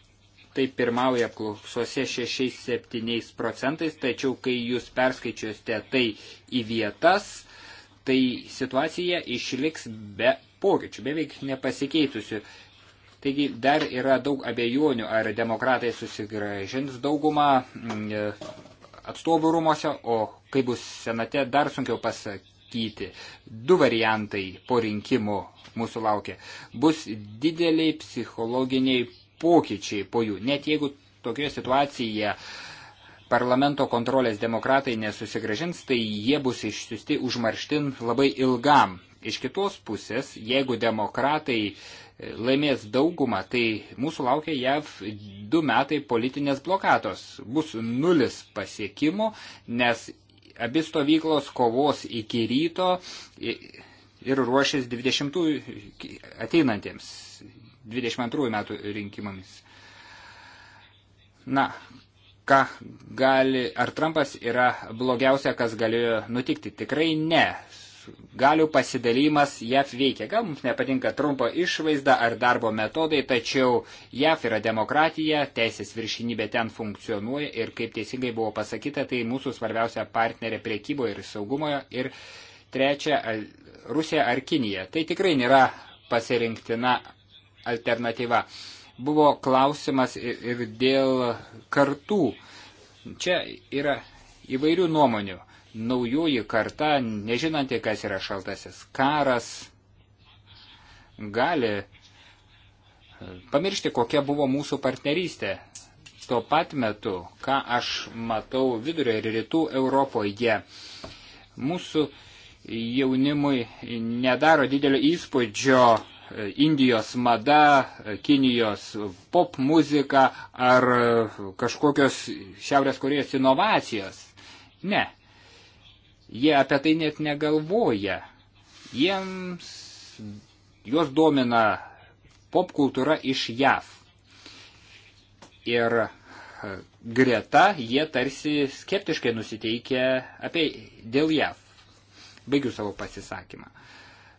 tai pirmauja apklausose 6-7 procentais, tačiau kai jūs perskaičiuosite tai į vietas, tai situacija išliks be pokyčių, beveik nepasikeitusių. Taigi dar yra daug abejonių, ar demokratai susigražins daugumą mm, atstovų rūmose, o kaip bus senate, dar sunkiau pasakyti. Du variantai po rinkimų mūsų laukia. Bus dideliai psichologiniai pokyčiai po jų. Net jeigu tokioje situacijoje parlamento kontrolės demokratai nesusigražins, tai jie bus išsiusti užmarštin labai ilgam. Iš kitos pusės, jeigu demokratai e, laimės daugumą, tai mūsų laukia JAV du metai politinės blokatos. Bus nulis pasiekimų, nes abi stovyklos kovos iki ryto ir ruošės 20 ateinantiems 22 metų rinkimams. Na, ką gali, ar Trumpas yra blogiausia, kas galėjo nutikti? Tikrai ne. Galių pasidalymas JAF veikia. Gal mums nepatinka Trumpo išvaizda ar darbo metodai, tačiau JAF yra demokratija, teisės viršinybė ten funkcionuoja ir, kaip teisingai buvo pasakyta, tai mūsų svarbiausia partnerė priekyboje ir saugumoje ir trečia Rusija ar Kinija. Tai tikrai nėra pasirinktina alternatyva. Buvo klausimas ir, ir dėl kartų. Čia yra įvairių nuomonių. Naujoji karta, nežinanti, kas yra šaltasis karas, gali pamiršti, kokia buvo mūsų partnerystė. Tuo pat metu, ką aš matau vidurio ir rytų Europoje, mūsų jaunimui nedaro didelio įspūdžio Indijos mada, Kinijos pop muzika ar kažkokios Šiaurės Korejos inovacijos. Ne. Jie apie tai net negalvoja. Jiems juos domina pop kultūra iš JAV. Ir e, greta jie tarsi skeptiškai nusiteikia apie dėl JAV. Baigiu savo pasisakymą. Uh,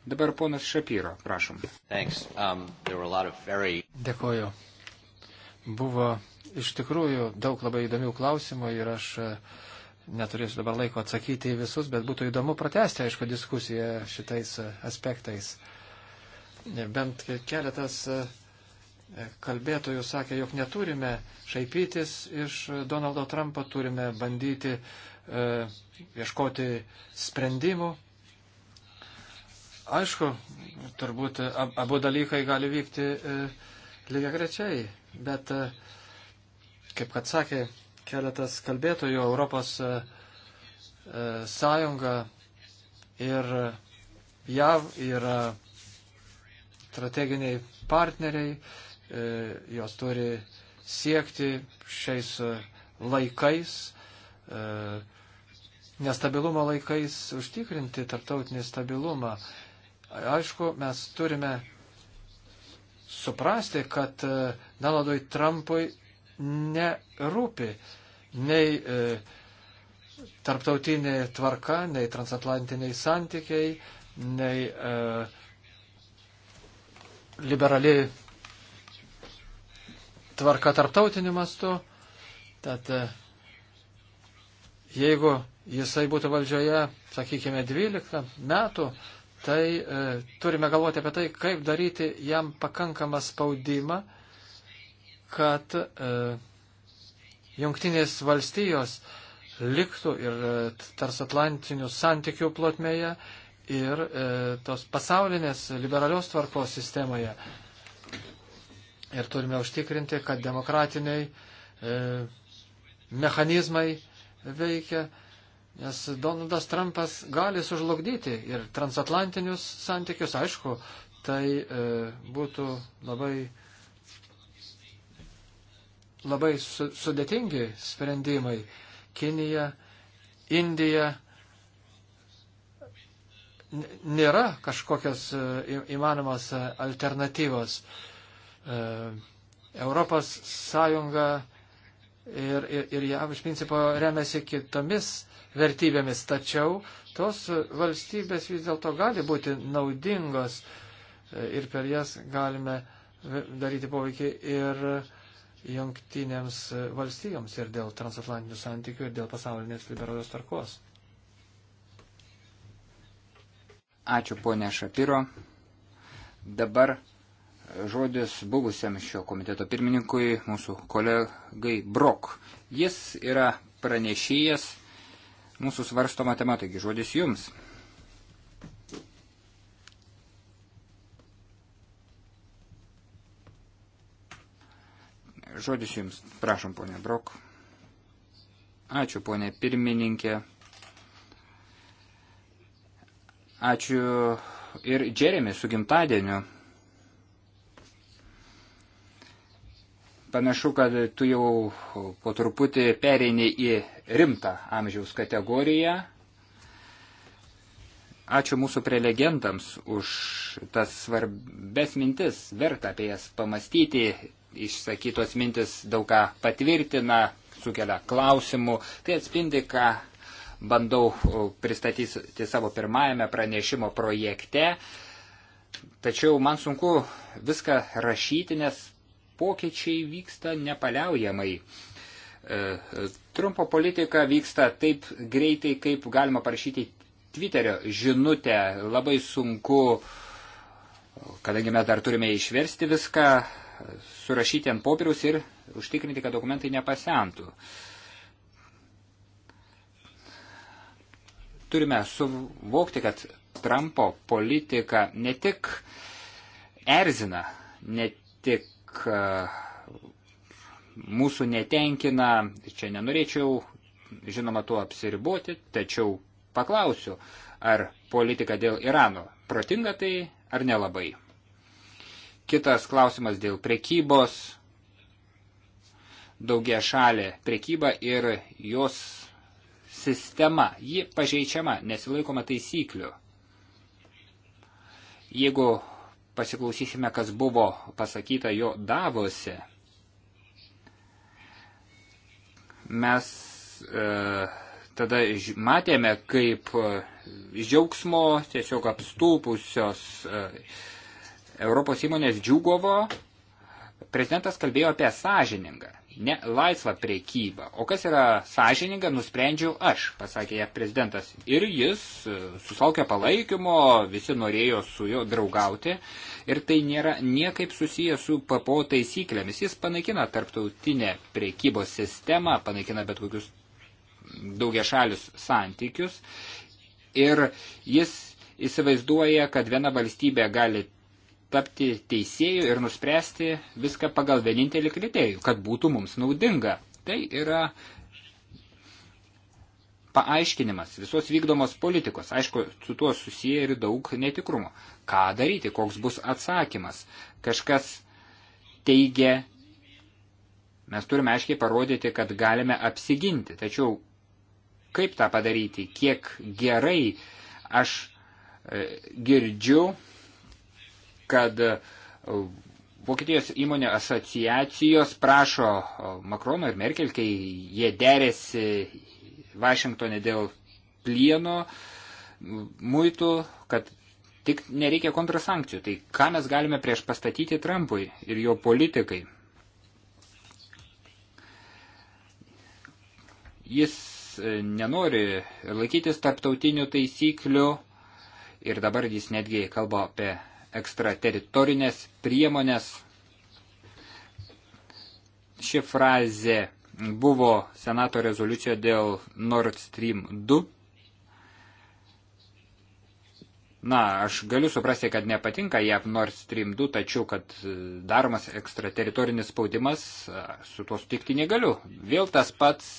Dabar ponas Šapyro, prašom. Um, very... Dėkoju. Buvo iš tikrųjų daug labai įdomių klausimų ir aš e, neturėsiu dabar laiko atsakyti į visus, bet būtų įdomu pratesti, aišku, diskusiją šitais e, aspektais. Bent keletas e, kalbėtojų sakė, jog neturime šaipytis iš Donaldo Trumpo, turime bandyti e, ieškoti sprendimų Aišku, turbūt abu dalykai gali vykti e, lygiai grečiai, bet, e, kaip kad sakė keletas kalbėtojų, Europos e, sąjunga ir JAV yra strateginiai partneriai, jos turi siekti šiais laikais nestabilumo laikais užtikrinti tarptautinį stabilumą. Aišku, mes turime suprasti, kad e, Donaldui Trumpui nerūpi nei e, tarptautinė tvarka, nei transatlantiniai santykiai, nei e, liberali tvarka tarptautiniu mastu. Tad e, jeigu jisai būtų valdžioje, sakykime, 12 metų, tai e, turime galvoti apie tai, kaip daryti jam pakankamą spaudimą, kad e, jungtinės valstijos liktų ir e, tarsatlantinių santykių plotmėje ir e, tos pasaulinės liberalios tvarkos sistemoje. Ir turime užtikrinti, kad demokratiniai e, mechanizmai veikia Nes Donaldas Trumpas gali sužlugdyti ir transatlantinius santykius, aišku, tai e, būtų labai, labai su, sudėtingi sprendimai. Kinija, Indija nėra kažkokios e, įmanomos e, alternatyvos. E, Europos Sąjunga ir, ir, ir JAV iš principo remiasi kitomis vertybėmis, tačiau tos valstybės vis dėlto gali būti naudingos e, ir per jas galime daryti poveikį ir jungtinėms valstijoms ir dėl transatlantinių santykių ir dėl pasaulinės liberalios tarkos. Ačiū ponė Šapiro. Dabar žodis buvusiam šio komiteto pirmininkui, mūsų kolegai Brok. Jis yra pranešėjas mūsų svarstoma tema, taigi žodis jums. Žodis jums, prašom, ponė Brok. Ačiū, ponė pirmininkė. Ačiū ir Džeremi su gimtadieniu. Panašu, kad tu jau po truputį pereini į rimtą amžiaus kategoriją. Ačiū mūsų prelegentams už tas svarbes mintis, verta apie jas pamastyti, išsakytos mintis daug ką patvirtina, sukelia klausimų, tai atspindi, ką bandau pristatyti savo pirmajame pranešimo projekte. Tačiau man sunku viską rašyti, nes pokyčiai vyksta nepaliaujamai. E, Trumpo politika vyksta taip greitai, kaip galima parašyti Twitterio žinutę. Labai sunku, kadangi mes dar turime išversti viską, surašyti ant popieriaus ir užtikrinti, kad dokumentai nepasentų. Turime suvokti, kad Trumpo politika ne tik erzina, ne tik E, mūsų netenkina, čia nenorėčiau, žinoma, tuo apsiriboti, tačiau paklausiu, ar politika dėl Irano protinga tai ar nelabai. Kitas klausimas dėl prekybos, daugia šalė prekyba ir jos sistema, ji pažeidžiama, nesilaikoma taisyklių. Jeigu pasiklausysime, kas buvo pasakyta jo davose. Mes e, tada matėme, kaip e, žiaugsmo tiesiog apstūpusios e, Europos įmonės džiugovo prezidentas kalbėjo apie sąžiningą ne laisvą priekybą. O kas yra sąžininga, nusprendžiau aš, pasakė jav prezidentas. Ir jis e, susilaukė palaikymo, visi norėjo su juo draugauti. Ir tai nėra niekaip susiję su PPO taisyklėmis. Jis panaikina tarptautinę priekybos sistemą, panaikina bet kokius daugia šalius santykius. Ir jis įsivaizduoja, kad viena valstybė gali tapti teisėjų ir nuspręsti viską pagal vienintelį kriterijų, kad būtų mums naudinga. Tai yra paaiškinimas visos vykdomos politikos. Aišku, su tuo susiję ir daug netikrumo. Ką daryti, koks bus atsakymas. Kažkas teigia, mes turime aiškiai parodyti, kad galime apsiginti. Tačiau kaip tą padaryti, kiek gerai aš e, girdžiu kad e, Vokietijos įmonė asociacijos prašo e, Makrono ir Merkel, kai jie derėsi Vašingtonė dėl plieno muitų, kad tik nereikia kontrasankcijų. Tai ką mes galime prieš pastatyti Trumpui ir jo politikai? Jis e, nenori laikytis tarptautinių taisyklių ir dabar jis netgi kalba apie ekstrateritorinės priemonės. Ši frazė buvo Senato rezoliucija dėl Nord Stream 2. Na, aš galiu suprasti, kad nepatinka JAV Nord Stream 2, tačiau, kad daromas ekstrateritorinis spaudimas, su tuo sutikti negaliu. Vėl tas pats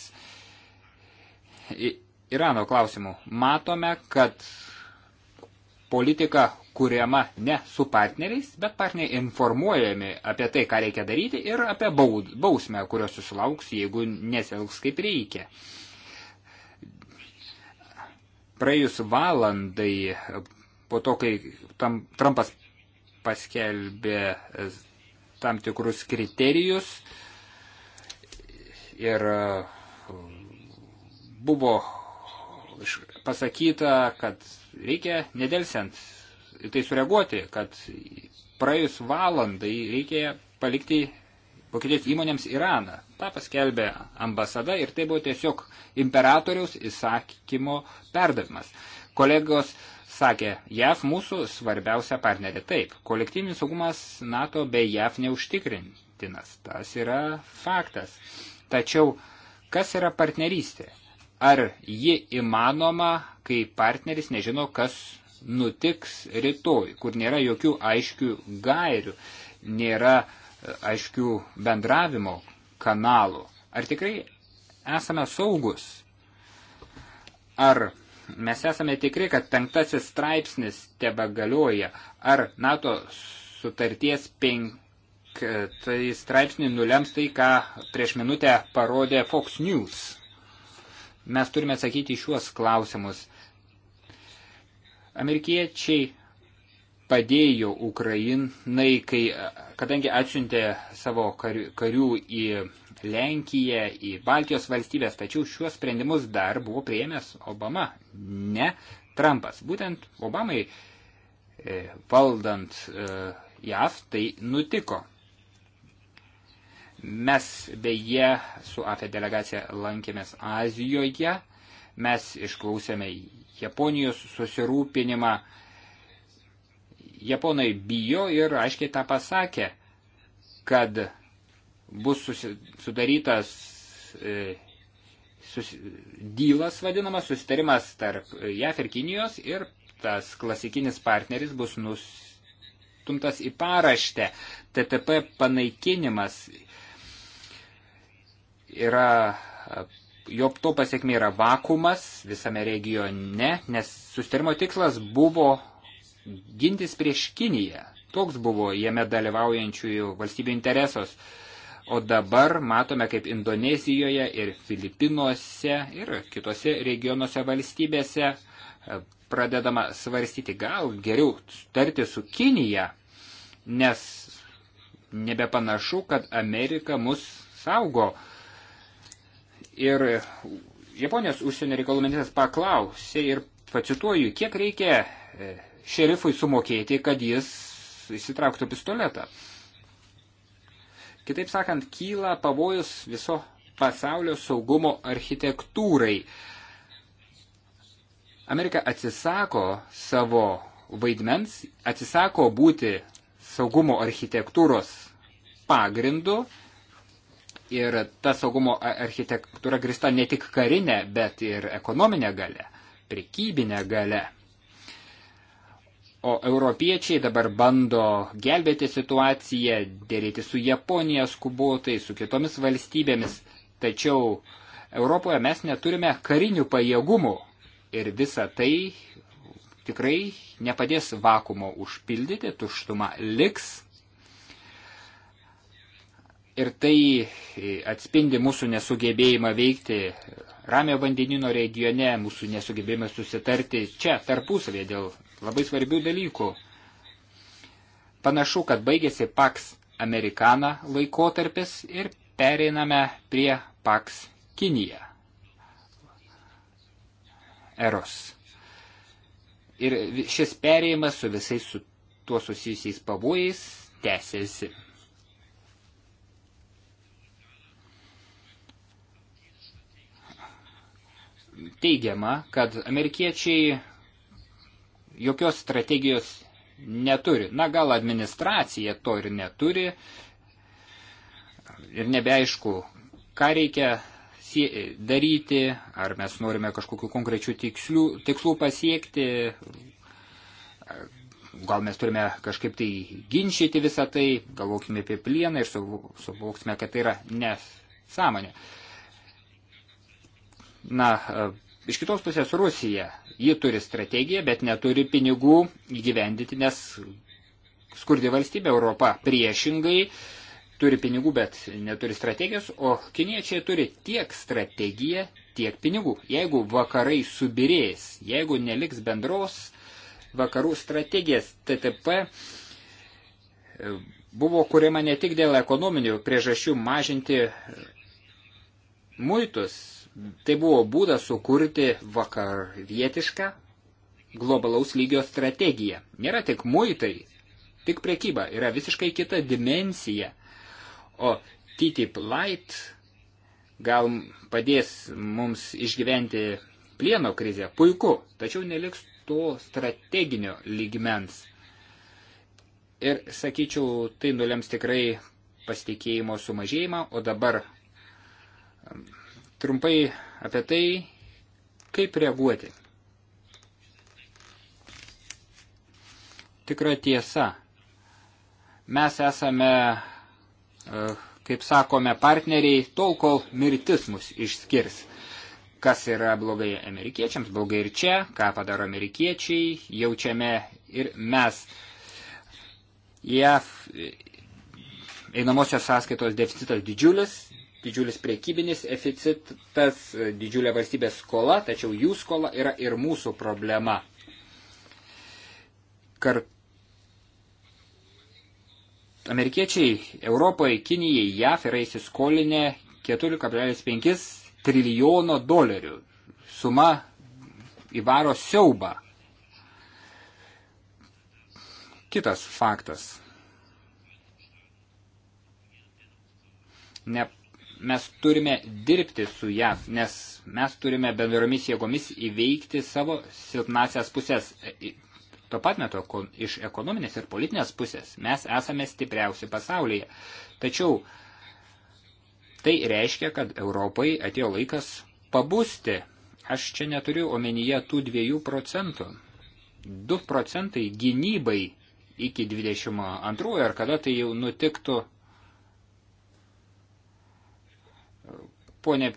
Irano klausimų. Matome, kad politika, kuriama ne su partneriais, bet partneriai informuojami apie tai, ką reikia daryti ir apie bausmę, kurios susilauks, jeigu nesielgs kaip reikia. Praėjus valandai po to, kai tam, Trumpas paskelbė e, tam tikrus kriterijus ir e, buvo pasakyta, kad reikia nedelsiant į tai sureaguoti, kad praėjus valandai reikia palikti Vokietijos įmonėms Iraną. Ta paskelbė ambasada ir tai buvo tiesiog imperatoriaus įsakymo perdavimas. Kolegos sakė, JAV mūsų svarbiausia partnerė. Taip, kolektyvinis saugumas NATO bei JAV neužtikrintinas. Tas yra faktas. Tačiau kas yra partnerystė? Ar ji įmanoma, kai partneris nežino, kas nutiks rytoj, kur nėra jokių aiškių gairių, nėra e, aiškių bendravimo kanalų. Ar tikrai esame saugus? Ar mes esame tikri, kad penktasis straipsnis tebe galioja? Ar NATO sutarties penktai straipsnį nulems tai, ką prieš minutę parodė Fox News? Mes turime atsakyti šiuos klausimus. Amerikiečiai padėjo Ukrainai, kai, kadangi atsiuntė savo karių, karių į Lenkiją, į Baltijos valstybės, tačiau šiuos sprendimus dar buvo prieėmęs Obama, ne Trumpas. Būtent Obamai e, valdant e, JAV tai nutiko. Mes beje su AFE delegacija lankėmės Azijoje Mes išklausėme Japonijos susirūpinimą. Japonai bijo ir aiškiai tą pasakė, kad bus sudarytas e, sus, dylas vadinamas, susitarimas tarp JAF ir Kinijos ir tas klasikinis partneris bus nustumtas į paraštę. TTP panaikinimas yra jo to pasiekmė yra vakumas visame regione, nes sustarimo tikslas buvo gintis prieš Kiniją. Toks buvo jame dalyvaujančiųjų valstybių interesos. O dabar matome, kaip Indonezijoje ir Filipinuose ir kitose regionuose valstybėse e, pradedama svarstyti, gal geriau tarti su Kinija, nes nebepanašu, kad Amerika mus saugo Ir Japonijos užsienio reikalų ministras paklausė ir pacituoju, kiek reikia e, šerifui sumokėti, kad jis įsitrauktų pistoletą. Kitaip sakant, kyla pavojus viso pasaulio saugumo architektūrai. Amerika atsisako savo vaidmens, atsisako būti saugumo architektūros pagrindu ir ta saugumo architektūra grista ne tik karinė, bet ir ekonominė gale, prekybinė gale. O europiečiai dabar bando gelbėti situaciją, dėrėti su Japonija skubotai, su kitomis valstybėmis, tačiau Europoje mes neturime karinių pajėgumų ir visa tai tikrai nepadės vakumo užpildyti, tuštuma liks Ir tai e, atspindi mūsų nesugebėjimą veikti Ramio vandenino regione, mūsų nesugebėjimą susitarti čia tarpusavėje dėl labai svarbių dalykų. Panašu, kad baigėsi Pax Amerikana laikotarpis ir pereiname prie Pax Kinija eros. Ir šis perėjimas su visais su tuo susijusiais pavojais tęsiasi. teigiama, kad amerikiečiai jokios strategijos neturi. Na, gal administracija to ir neturi ir nebeaišku, ką reikia daryti, ar mes norime kažkokiu konkrečiu tikslių, tikslų pasiekti, gal mes turime kažkaip tai ginčyti visą tai, galvokime apie plieną ir suvoksime, kad tai yra nesąmonė. Na, e, iš kitos pusės Rusija. Ji turi strategiją, bet neturi pinigų įgyvendyti, nes skurdi valstybė Europa priešingai turi pinigų, bet neturi strategijos, o kiniečiai turi tiek strategiją, tiek pinigų. Jeigu vakarai subirės, jeigu neliks bendros vakarų strategijas, TTP e, buvo kuriama ne tik dėl ekonominių priežasčių mažinti muitus, Tai buvo būdas sukurti vakarietišką globalaus lygio strategiją. Nėra tik muitai, tik prekyba, yra visiškai kita dimensija. O TTIP Light gal padės mums išgyventi plieno krizę, puiku, tačiau neliks to strateginio lygmens. Ir sakyčiau, tai nulems tikrai pasitikėjimo sumažėjimą, o dabar Trumpai apie tai, kaip reaguoti. Tikra tiesa. Mes esame, e, kaip sakome, partneriai tol, kol mirtis mus išskirs kas yra blogai amerikiečiams, blogai ir čia, ką padaro amerikiečiai, jaučiame ir mes. JAF e, einamosios sąskaitos deficitas didžiulis, didžiulis priekybinis deficitas, didžiulė valstybės skola, tačiau jų skola yra ir mūsų problema. Kart... Amerikiečiai Europoje, Kinijai, JAF yra įsiskolinę 4,5 trilijono dolerių. Suma įvaro siaubą. Kitas faktas. Ne mes turime dirbti su JAV, nes mes turime bendromis jėgomis įveikti savo silpnasias pusės. E, tuo pat metu iš ekonominės ir politinės pusės mes esame stipriausi pasaulyje. Tačiau tai reiškia, kad Europai atėjo laikas pabusti. Aš čia neturiu omenyje tų dviejų procentų. 2 procentai gynybai iki 22 ar kada tai jau nutiktų Pone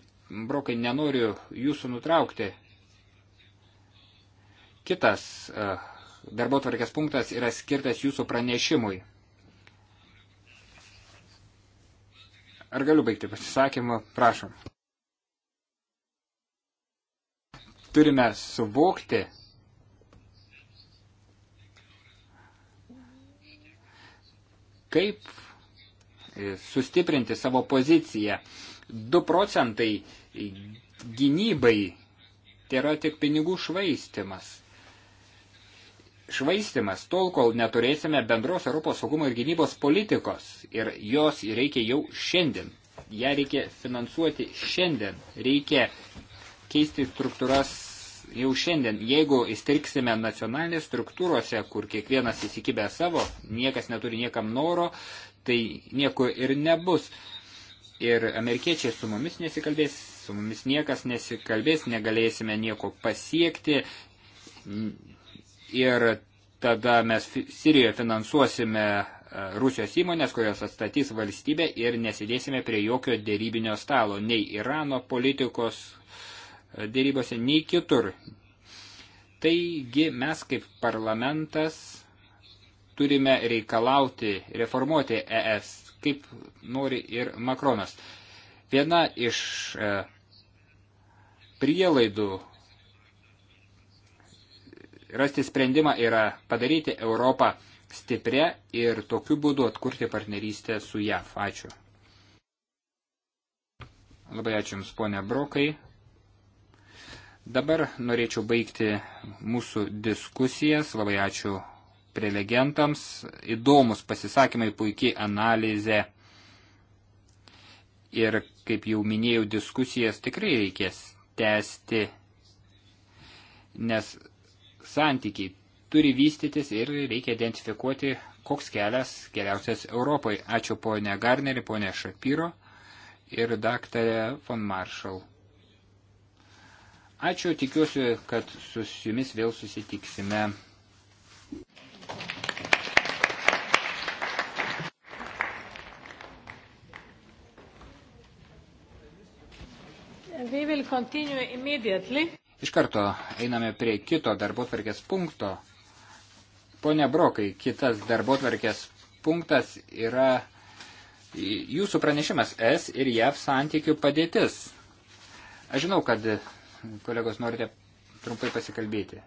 Brokai, nenoriu jūsų nutraukti. Kitas e, darbo tvarkės punktas yra skirtas jūsų pranešimui. Ar galiu baigti pasisakymą? Prašom. Turime suvokti, kaip e, sustiprinti savo poziciją. 2 procentai gynybai tai yra tik pinigų švaistimas. Švaistimas tol, kol neturėsime bendros Europos saugumo ir gynybos politikos ir jos reikia jau šiandien. Ja reikia finansuoti šiandien, reikia keisti struktūras jau šiandien. Jeigu įstriksime nacionalinės struktūrose, kur kiekvienas įsikibę savo, niekas neturi niekam noro, tai nieko ir nebus ir amerikiečiai su mumis nesikalbės, su mumis niekas nesikalbės, negalėsime nieko pasiekti ir tada mes Sirijoje finansuosime e, Rusijos įmonės, kurios atstatys valstybę ir nesidėsime prie jokio dėrybinio stalo, nei Irano politikos e, dėrybose, nei kitur. Taigi mes kaip parlamentas turime reikalauti reformuoti ES kaip nori ir Makronas. Viena iš e, prielaidų rasti sprendimą yra padaryti Europą stiprią ir tokiu būdu atkurti partnerystę su JAV. Ačiū. Labai ačiū Jums, ponia Brokai. Dabar norėčiau baigti mūsų diskusijas. Labai ačiū prelegentams, įdomus pasisakymai, puikiai analizė. Ir, kaip jau minėjau, diskusijas tikrai reikės tęsti, nes santykiai turi vystytis ir reikia identifikuoti, koks kelias geriausias Europai. Ačiū ponė Garnerį, ponė Šapyro ir daktarė von Marshall. Ačiū, tikiuosi, kad su jumis vėl susitiksime. Iš karto einame prie kito darbotvarkės punkto. Pone Brokai, kitas darbotvarkės punktas yra jūsų pranešimas S ir JAV santykių padėtis. Aš žinau, kad kolegos norite trumpai pasikalbėti.